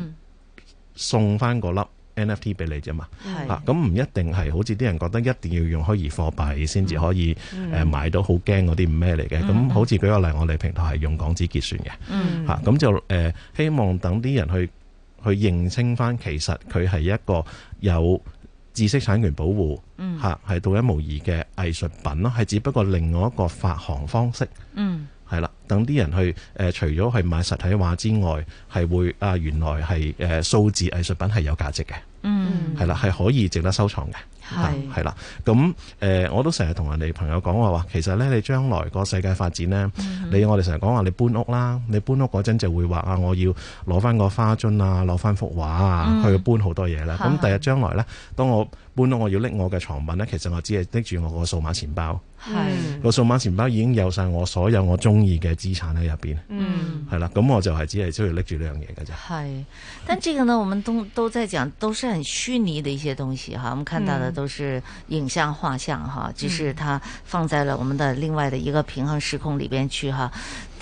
送翻個粒 NFT 俾你啫嘛。係咁唔一定係好似啲人覺得一定要用虛擬貨幣先至可以誒、嗯呃、買到，好驚嗰啲咩嚟嘅。咁好似舉個例，我哋平台係用港紙結算嘅。嗯。咁、啊、就、呃、希望等啲人去去認清翻，其實佢係一個有。知識產權保護嚇係獨一無二嘅藝術品咯，係只不過另外一個發行方式係啦。等、嗯、啲人去誒、呃，除咗去買實體畫之外，係會啊，原來係誒、呃、數字藝術品係有價值嘅，係、嗯、啦，係可以值得收藏嘅。係，係、啊、啦，咁誒、呃，我都成日同人哋朋友講話話，其實咧，你將來個世界發展咧、嗯，你我哋成日講話你搬屋啦，你搬屋嗰陣就會話啊，我要攞翻個花樽啊，攞翻幅畫啊，嗯、去搬好多嘢啦。咁、嗯、第日將來咧，當我搬到我要拎我嘅藏品呢，其實我只係拎住我個數碼錢包，這個數碼錢包已經有晒我所有我中意嘅資產喺入邊，係、嗯、啦，咁我就係只係出去拎住呢樣嘢嘅啫。係，但係呢個呢，我哋都都在講，都是很虛擬的一些東西哈、嗯。我哋看到嘅都是影像，畫像、畫像哈，即係佢放在了我哋另外的一個平衡時空裏邊去哈。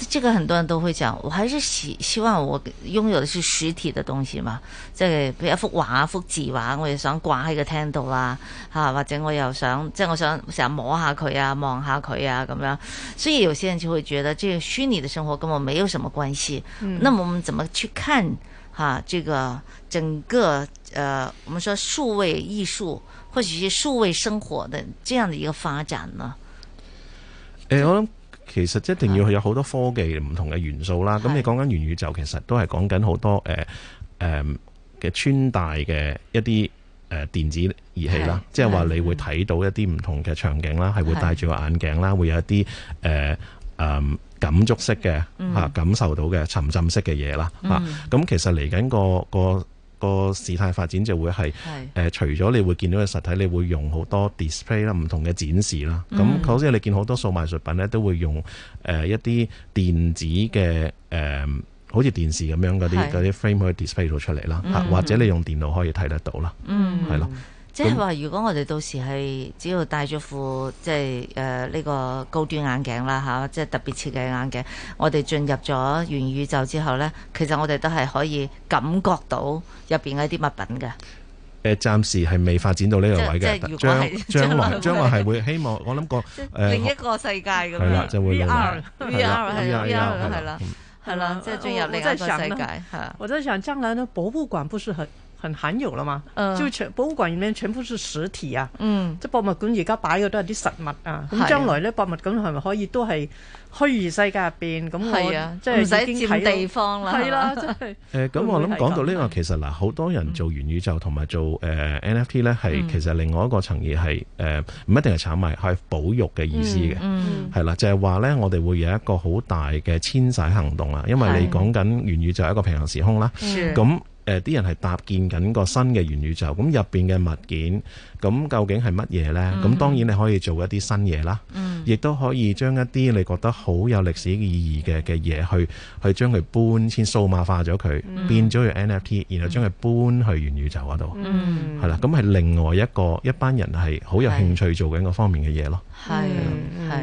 這個很多人都會講，我還是希希望我擁有的是實體的東西嘛，這個譬如一幅畫、幅字畫，我也想掛喺個廳度啦，吓或者我又想即係我想想摸下佢啊，望下佢啊咁樣。所以有些人就會覺得，這個虛擬的生活跟我沒有什麼關係。嗯。那麼我們怎麼去看哈、啊？這個整個，呃，我們說數位藝術，或者是數位生活的這樣的一個發展呢？哎其實一定要有好多科技唔同嘅元素啦，咁你講緊元宇宙其實都係講緊好多誒誒嘅穿戴嘅一啲誒電子儀器啦，即係話你會睇到一啲唔同嘅場景啦，係會戴住個眼鏡啦，會有一啲誒誒感觸式嘅嚇、嗯、感受到嘅沉浸式嘅嘢啦嚇，咁、嗯啊、其實嚟緊個個、個個事態發展就會係誒、呃，除咗你會見到嘅實體，你會用好多 display 啦，唔同嘅展示啦。咁、嗯、好似你見好多數碼藝術品咧，都會用誒、呃、一啲電子嘅誒、呃，好似電視咁樣嗰啲嗰啲 frame 可以 display 到出嚟啦、嗯，或者你用電腦可以睇得到、嗯、啦，係咯。即係話，如果我哋到時係只要戴咗副即係誒呢個高端眼鏡啦，吓，即係特別設計眼鏡，我哋進入咗元宇宙之後咧，其實我哋都係可以感覺到入邊一啲物品嘅。誒，暫時係未發展到呢個位嘅。將將來將來係會希望我諗過另一個世界咁樣。V R V R V R 係啦，係啦，即係進入另一個世界。吓、啊啊啊啊啊啊啊就是，我在想將、啊、來嘅博物館不是很？很罕有了嘛？即係博物館裏面全部是實體啊！嗯、即係博物館而家擺嘅都係啲實物啊。咁、嗯、將、啊、來咧，博物館係咪可以都係虛擬世界入邊？咁、啊、即我唔使佔地方啦。係啦、啊，真係。誒，咁我諗講到呢、這個，其實嗱，好、呃、多人做元宇宙同埋做誒、呃、NFT 咧，係、嗯、其實另外一個層意係誒，唔、呃、一定係炒賣，係保育嘅意思嘅。係、嗯、啦、嗯，就係話咧，我哋會有一個好大嘅遷徙行動啦。因為你講緊元宇宙係一個平行時空啦。咁誒、呃、啲人係搭建緊個新嘅元宇宙，咁入面嘅物件咁究竟係乜嘢呢？咁、mm-hmm. 當然你可以做一啲新嘢啦，亦、mm-hmm. 都可以將一啲你覺得好有歷史意義嘅嘅嘢，去去將佢搬先數碼化咗佢，mm-hmm. 變咗去 NFT，然後將佢搬去元宇宙嗰度，係、mm-hmm. 啦。咁係另外一個一班人係好有興趣做緊嗰方面嘅嘢咯，係、mm-hmm. 係。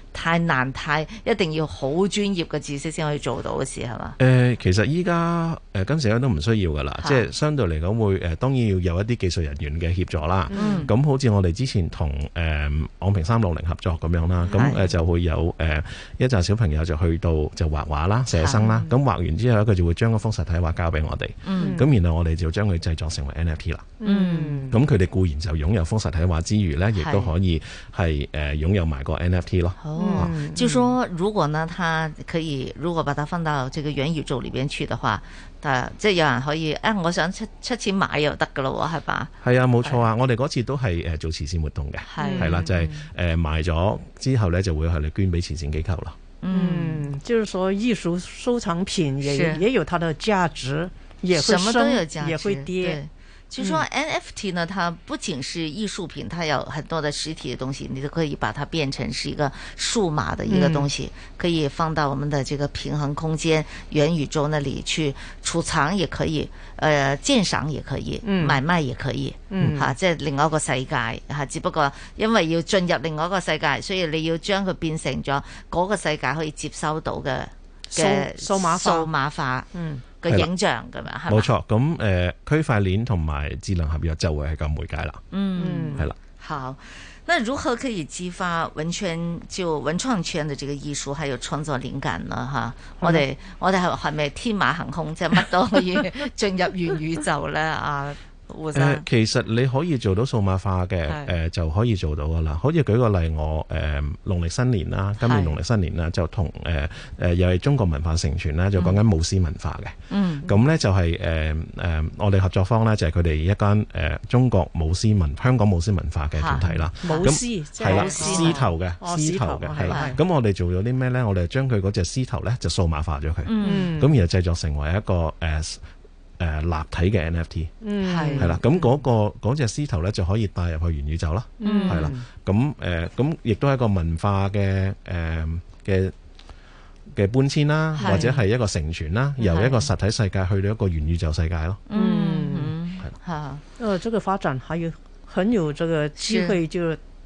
太難，太一定要好專業嘅知識先可以做到嘅事係嘛？誒、呃，其實依家誒，今時今日都唔需要噶啦，即係相對嚟講會誒、呃，當然要有一啲技術人員嘅協助啦。咁、嗯、好似我哋之前同誒、呃、昂平三六零合作咁樣啦，咁誒就會有誒一扎小朋友就去到就畫畫啦、寫生啦。咁畫完之後佢就會將嗰幅實體畫交俾我哋。咁、嗯、然後我哋就將佢製作成為 NFT 啦。嗯。咁佢哋固然就擁有幅實體畫之餘呢，亦都可以係誒、呃、擁有埋個 NFT 咯。好。嗯，嗯，就是、說如果呢，他可以如果把它放到這個元宇宙裏邊去的話，它這樣可以，哎，我想出出錢買又得噶咯，係吧？係啊，冇錯啊，啊，我哋嗰次都係誒、呃、做慈善活動嘅，係啦、啊啊啊，就係誒賣咗之後呢，就會係你捐俾慈善機構啦。嗯，就是說藝術收藏品也也有它的價值，也會升，也會跌。就、嗯、說 NFT 呢，它不僅是藝術品，它有很多的實體的東西，你都可以把它變成是一個數碼的一個東西，嗯、可以放到我們的這個平衡空間、元宇宙那裏去儲藏，也可以，呃，鑑賞也可以，嗯、買賣也可以，吓、嗯，即係、就是、另外一個世界，吓，只不過因為要進入另外一個世界，所以你要將佢變成咗嗰個世界可以接收到嘅嘅數，數，數碼化，嗯。個影像咁樣，冇錯咁誒，區塊鏈同埋智能合約就會係咁媒介啦。嗯，係啦。好，那如何可以激發文圈就文創圈嘅，這個藝術，還有創作靈感呢？嗯、我哋我哋係咪天馬行空，即係乜都可以進入元宇宙咧啊？ 誒、呃，其實你可以做到數碼化嘅，誒、呃、就可以做到噶啦。可以舉個例，我誒農曆新年啦，今年農曆新年啦，就同誒誒又係中國文化承傳啦，就講緊舞獅文化嘅。嗯。咁咧就係誒誒，我哋合作方咧就係佢哋一間誒、呃、中國舞獅文香港舞獅文化嘅團體啦。舞獅即係獅、哦、頭嘅，獅頭嘅係啦。咁我哋做咗啲咩咧？我哋就將佢嗰隻獅頭咧就數碼化咗佢。嗯。咁然後製作成為一個誒。Uh, 立體嘅 NFT，係係啦，咁嗰隻獅頭就可以帶入去元宇宙啦，係、嗯、啦，咁咁、呃、亦都係一個文化嘅誒嘅嘅搬遷啦，或者係一個承傳啦，由一個實體世界去到一個元宇宙世界咯、嗯。嗯，好，呃，這個發展還有很有這個機會就是。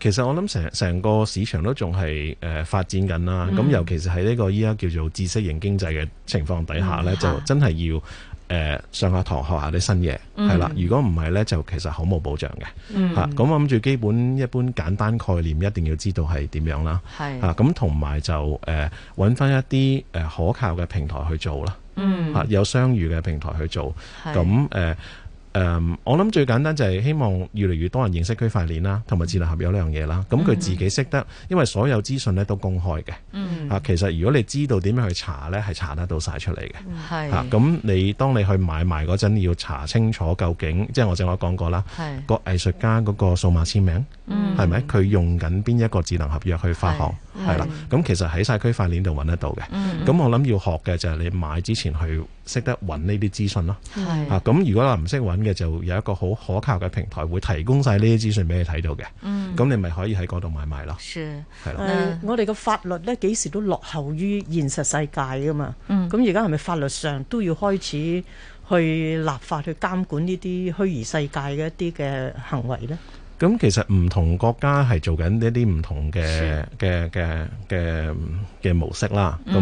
其實我諗成成個市場都仲係誒發展緊啦，咁、嗯、尤其是喺呢個依家叫做知識型經濟嘅情況底下呢、嗯、就真係要誒、呃、上下堂學下啲新嘢係、嗯、啦。如果唔係呢，就其實好冇保障嘅吓。咁、嗯啊、我諗住基本一般簡單概念一定要知道係點樣啦。係咁同埋就誒搵翻一啲誒、呃、可靠嘅平台去做啦。嗯吓、啊、有商譽嘅平台去做咁誒。嗯啊誒，um, 我諗最簡單就係希望越嚟越多人認識區塊鏈啦，同埋智能合約呢樣嘢啦。咁佢自己識得，mm hmm. 因為所有資訊咧都公開嘅。嗯、mm。Hmm. 啊，其實如果你知道點樣去查咧，係查得到晒出嚟嘅。係、mm。嚇、hmm. 啊，咁你當你去買賣嗰陣，你要查清楚究竟，即係我正話講過啦。係、mm。Hmm. 個藝術家嗰個數碼簽名。嗯，係咪佢用緊邊一個智能合約去發行？係啦，咁其實喺晒區塊鏈度揾得到嘅。咁、嗯、我諗要學嘅就係你買之前去識得揾呢啲資訊咯。係，咁、啊、如果唔識揾嘅，就有一個好可靠嘅平台會提供晒呢啲資訊俾你睇到嘅。咁、嗯、你咪可以喺嗰度買賣咯。是，係啦。的呃 uh, 我哋嘅法律呢，幾時都落後於現實世界噶嘛。咁而家係咪法律上都要開始去立法去監管呢啲虛擬世界嘅一啲嘅行為呢？咁其實唔同國家係做緊呢啲唔同嘅嘅嘅嘅嘅模式啦。咁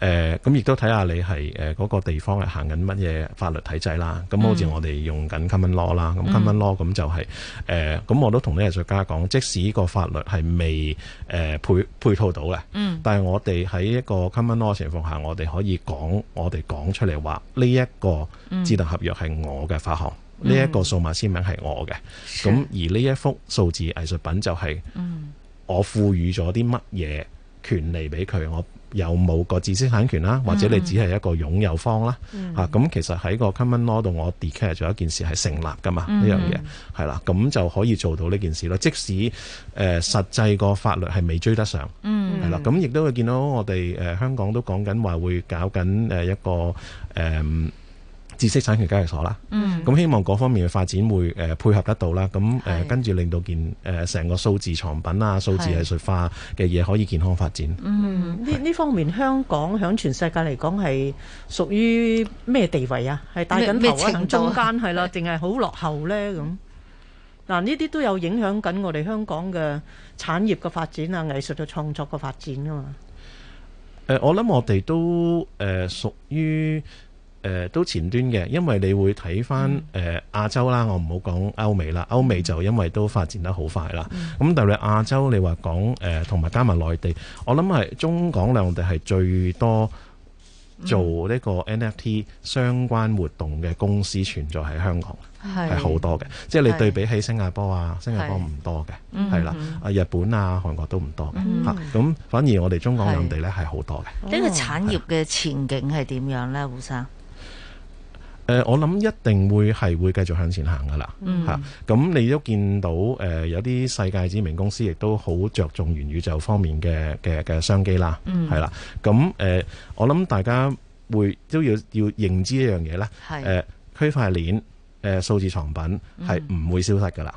誒，咁亦都睇下你係誒，嗰個地方係行緊乜嘢法律體制啦。咁好似我哋用緊 Common Law 啦，咁 Common Law 咁就係誒，咁我都同啲藝術家講，即使個法律係未、誒、呃、配配套到嘅、嗯，但係我哋喺一個 Common Law 情況下，我哋可以講我哋講出嚟話呢一個智能合約係我嘅發行。呢、嗯、一、這個數碼簽名係我嘅，咁而呢一幅數字藝術品就係我賦予咗啲乜嘢權利俾佢，我有冇個知識產權啦，或者你只係一個擁有方啦吓咁、嗯啊、其實喺個 common law 度，我 declare 咗一件事係成立噶嘛呢樣嘢，係、嗯、啦，咁就可以做到呢件事咯。即使誒、呃、實際個法律係未追得上，係、嗯、啦，咁亦都會見到我哋、呃、香港都講緊話會搞緊一個、呃知識產權交易所啦，咁希望嗰方面嘅發展會誒配合得到啦，咁誒跟住令到件誒成個數字藏品啊，數字藝術化嘅嘢可以健康發展。嗯，呢呢方面香港響全世界嚟講係屬於咩地位啊？係帶緊頭啊，中間係咯，定係好落後咧？咁嗱，呢啲都有影響緊我哋香港嘅產業嘅發展啊，藝術嘅創作嘅發展啊嘛。誒，我諗我哋都誒屬於。誒、呃、都前端嘅，因為你會睇翻誒亞洲啦，我唔好講歐美啦，歐美就因為都發展得好快啦。咁、嗯、但係你亞洲你話講誒同埋加埋內地，我諗係中港兩地係最多做呢個 NFT 相關活動嘅公司存在喺香港，係、嗯、好多嘅。即係你對比起新加坡啊，新加坡唔多嘅，係啦，啊、嗯嗯、日本啊、韓國都唔多嘅咁、嗯啊、反而我哋中港兩地咧係好多嘅。呢、嗯、個、嗯、產業嘅前景係點樣咧，胡生？誒、呃，我諗一定會係會繼續向前行噶啦，吓、嗯、咁、啊、你都見到誒、呃，有啲世界知名公司亦都好着重元宇宙方面嘅嘅嘅商機啦，係、嗯、啦，咁、嗯、誒、呃，我諗大家會都要要認知一樣嘢咧，係誒、呃、區塊鏈。誒數字藏品係唔會消失㗎啦，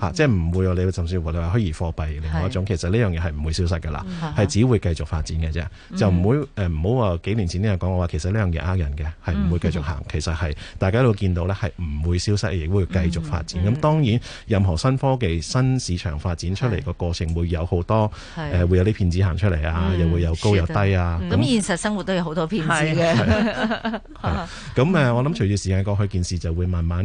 嚇、嗯，即係唔會話你話甚至乎你話虛擬貨幣另外一種，其實呢樣嘢係唔會消失㗎啦，係、啊、只會繼續發展嘅啫、嗯，就唔會誒唔好話幾年前啲人講嘅話，其實呢樣嘢呃人嘅，係唔會繼續行、嗯，其實係大家喺度見到咧係唔會消失，而會繼續發展。咁、嗯、當然任何新科技、新市場發展出嚟個過程會有很多、啊呃，會有好多誒，會有啲騙子行出嚟啊，又會有高有低啊。咁、嗯、現實生活都有好多騙子嘅。咁誒、 啊啊，我諗隨住時間過去，件事就會慢慢。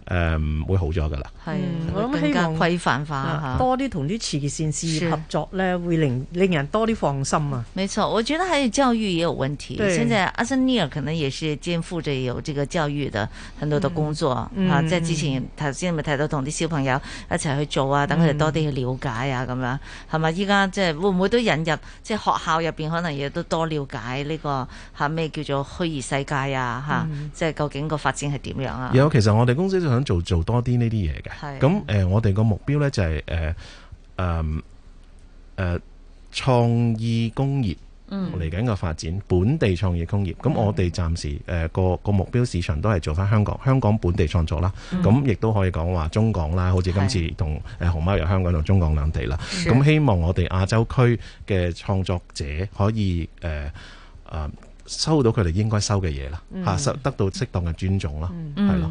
誒、嗯，會好咗噶啦，係、我諗，更加規範化，多啲同啲慈善事業合作咧，會令令人多啲放心啊。冇錯，我覺得喺教育也有問題。對，現在阿森尼爾可能也是肩負着有這個教育的很多的工作、嗯、啊，在、嗯、之前頭先咪提到同啲小朋友一齊去做啊，等佢哋多啲去了解啊，咁樣係咪？依家即係會唔會都引入，即係學校入邊可能亦都多了解呢、這個吓咩、啊、叫做虛擬世界啊？吓、啊嗯，即係究竟個發展係點樣啊？有，其實我哋公司、就是想做做多啲呢啲嘢嘅，咁誒、呃，我哋個目標呢，就係、是、誒，誒、呃，創、呃、意工業嚟緊嘅發展，本地創意工業。咁我哋暫時誒、呃、個個目標市場都係做翻香港，香港本地創作啦。咁亦都可以講吓中港啦，好似今次同誒、呃、熊貓由香港同中港兩地啦。咁希望我哋亞洲區嘅創作者可以誒，啊、呃呃，收到佢哋應該收嘅嘢啦，吓、嗯、收得到適當嘅尊重咯，係、嗯、咯。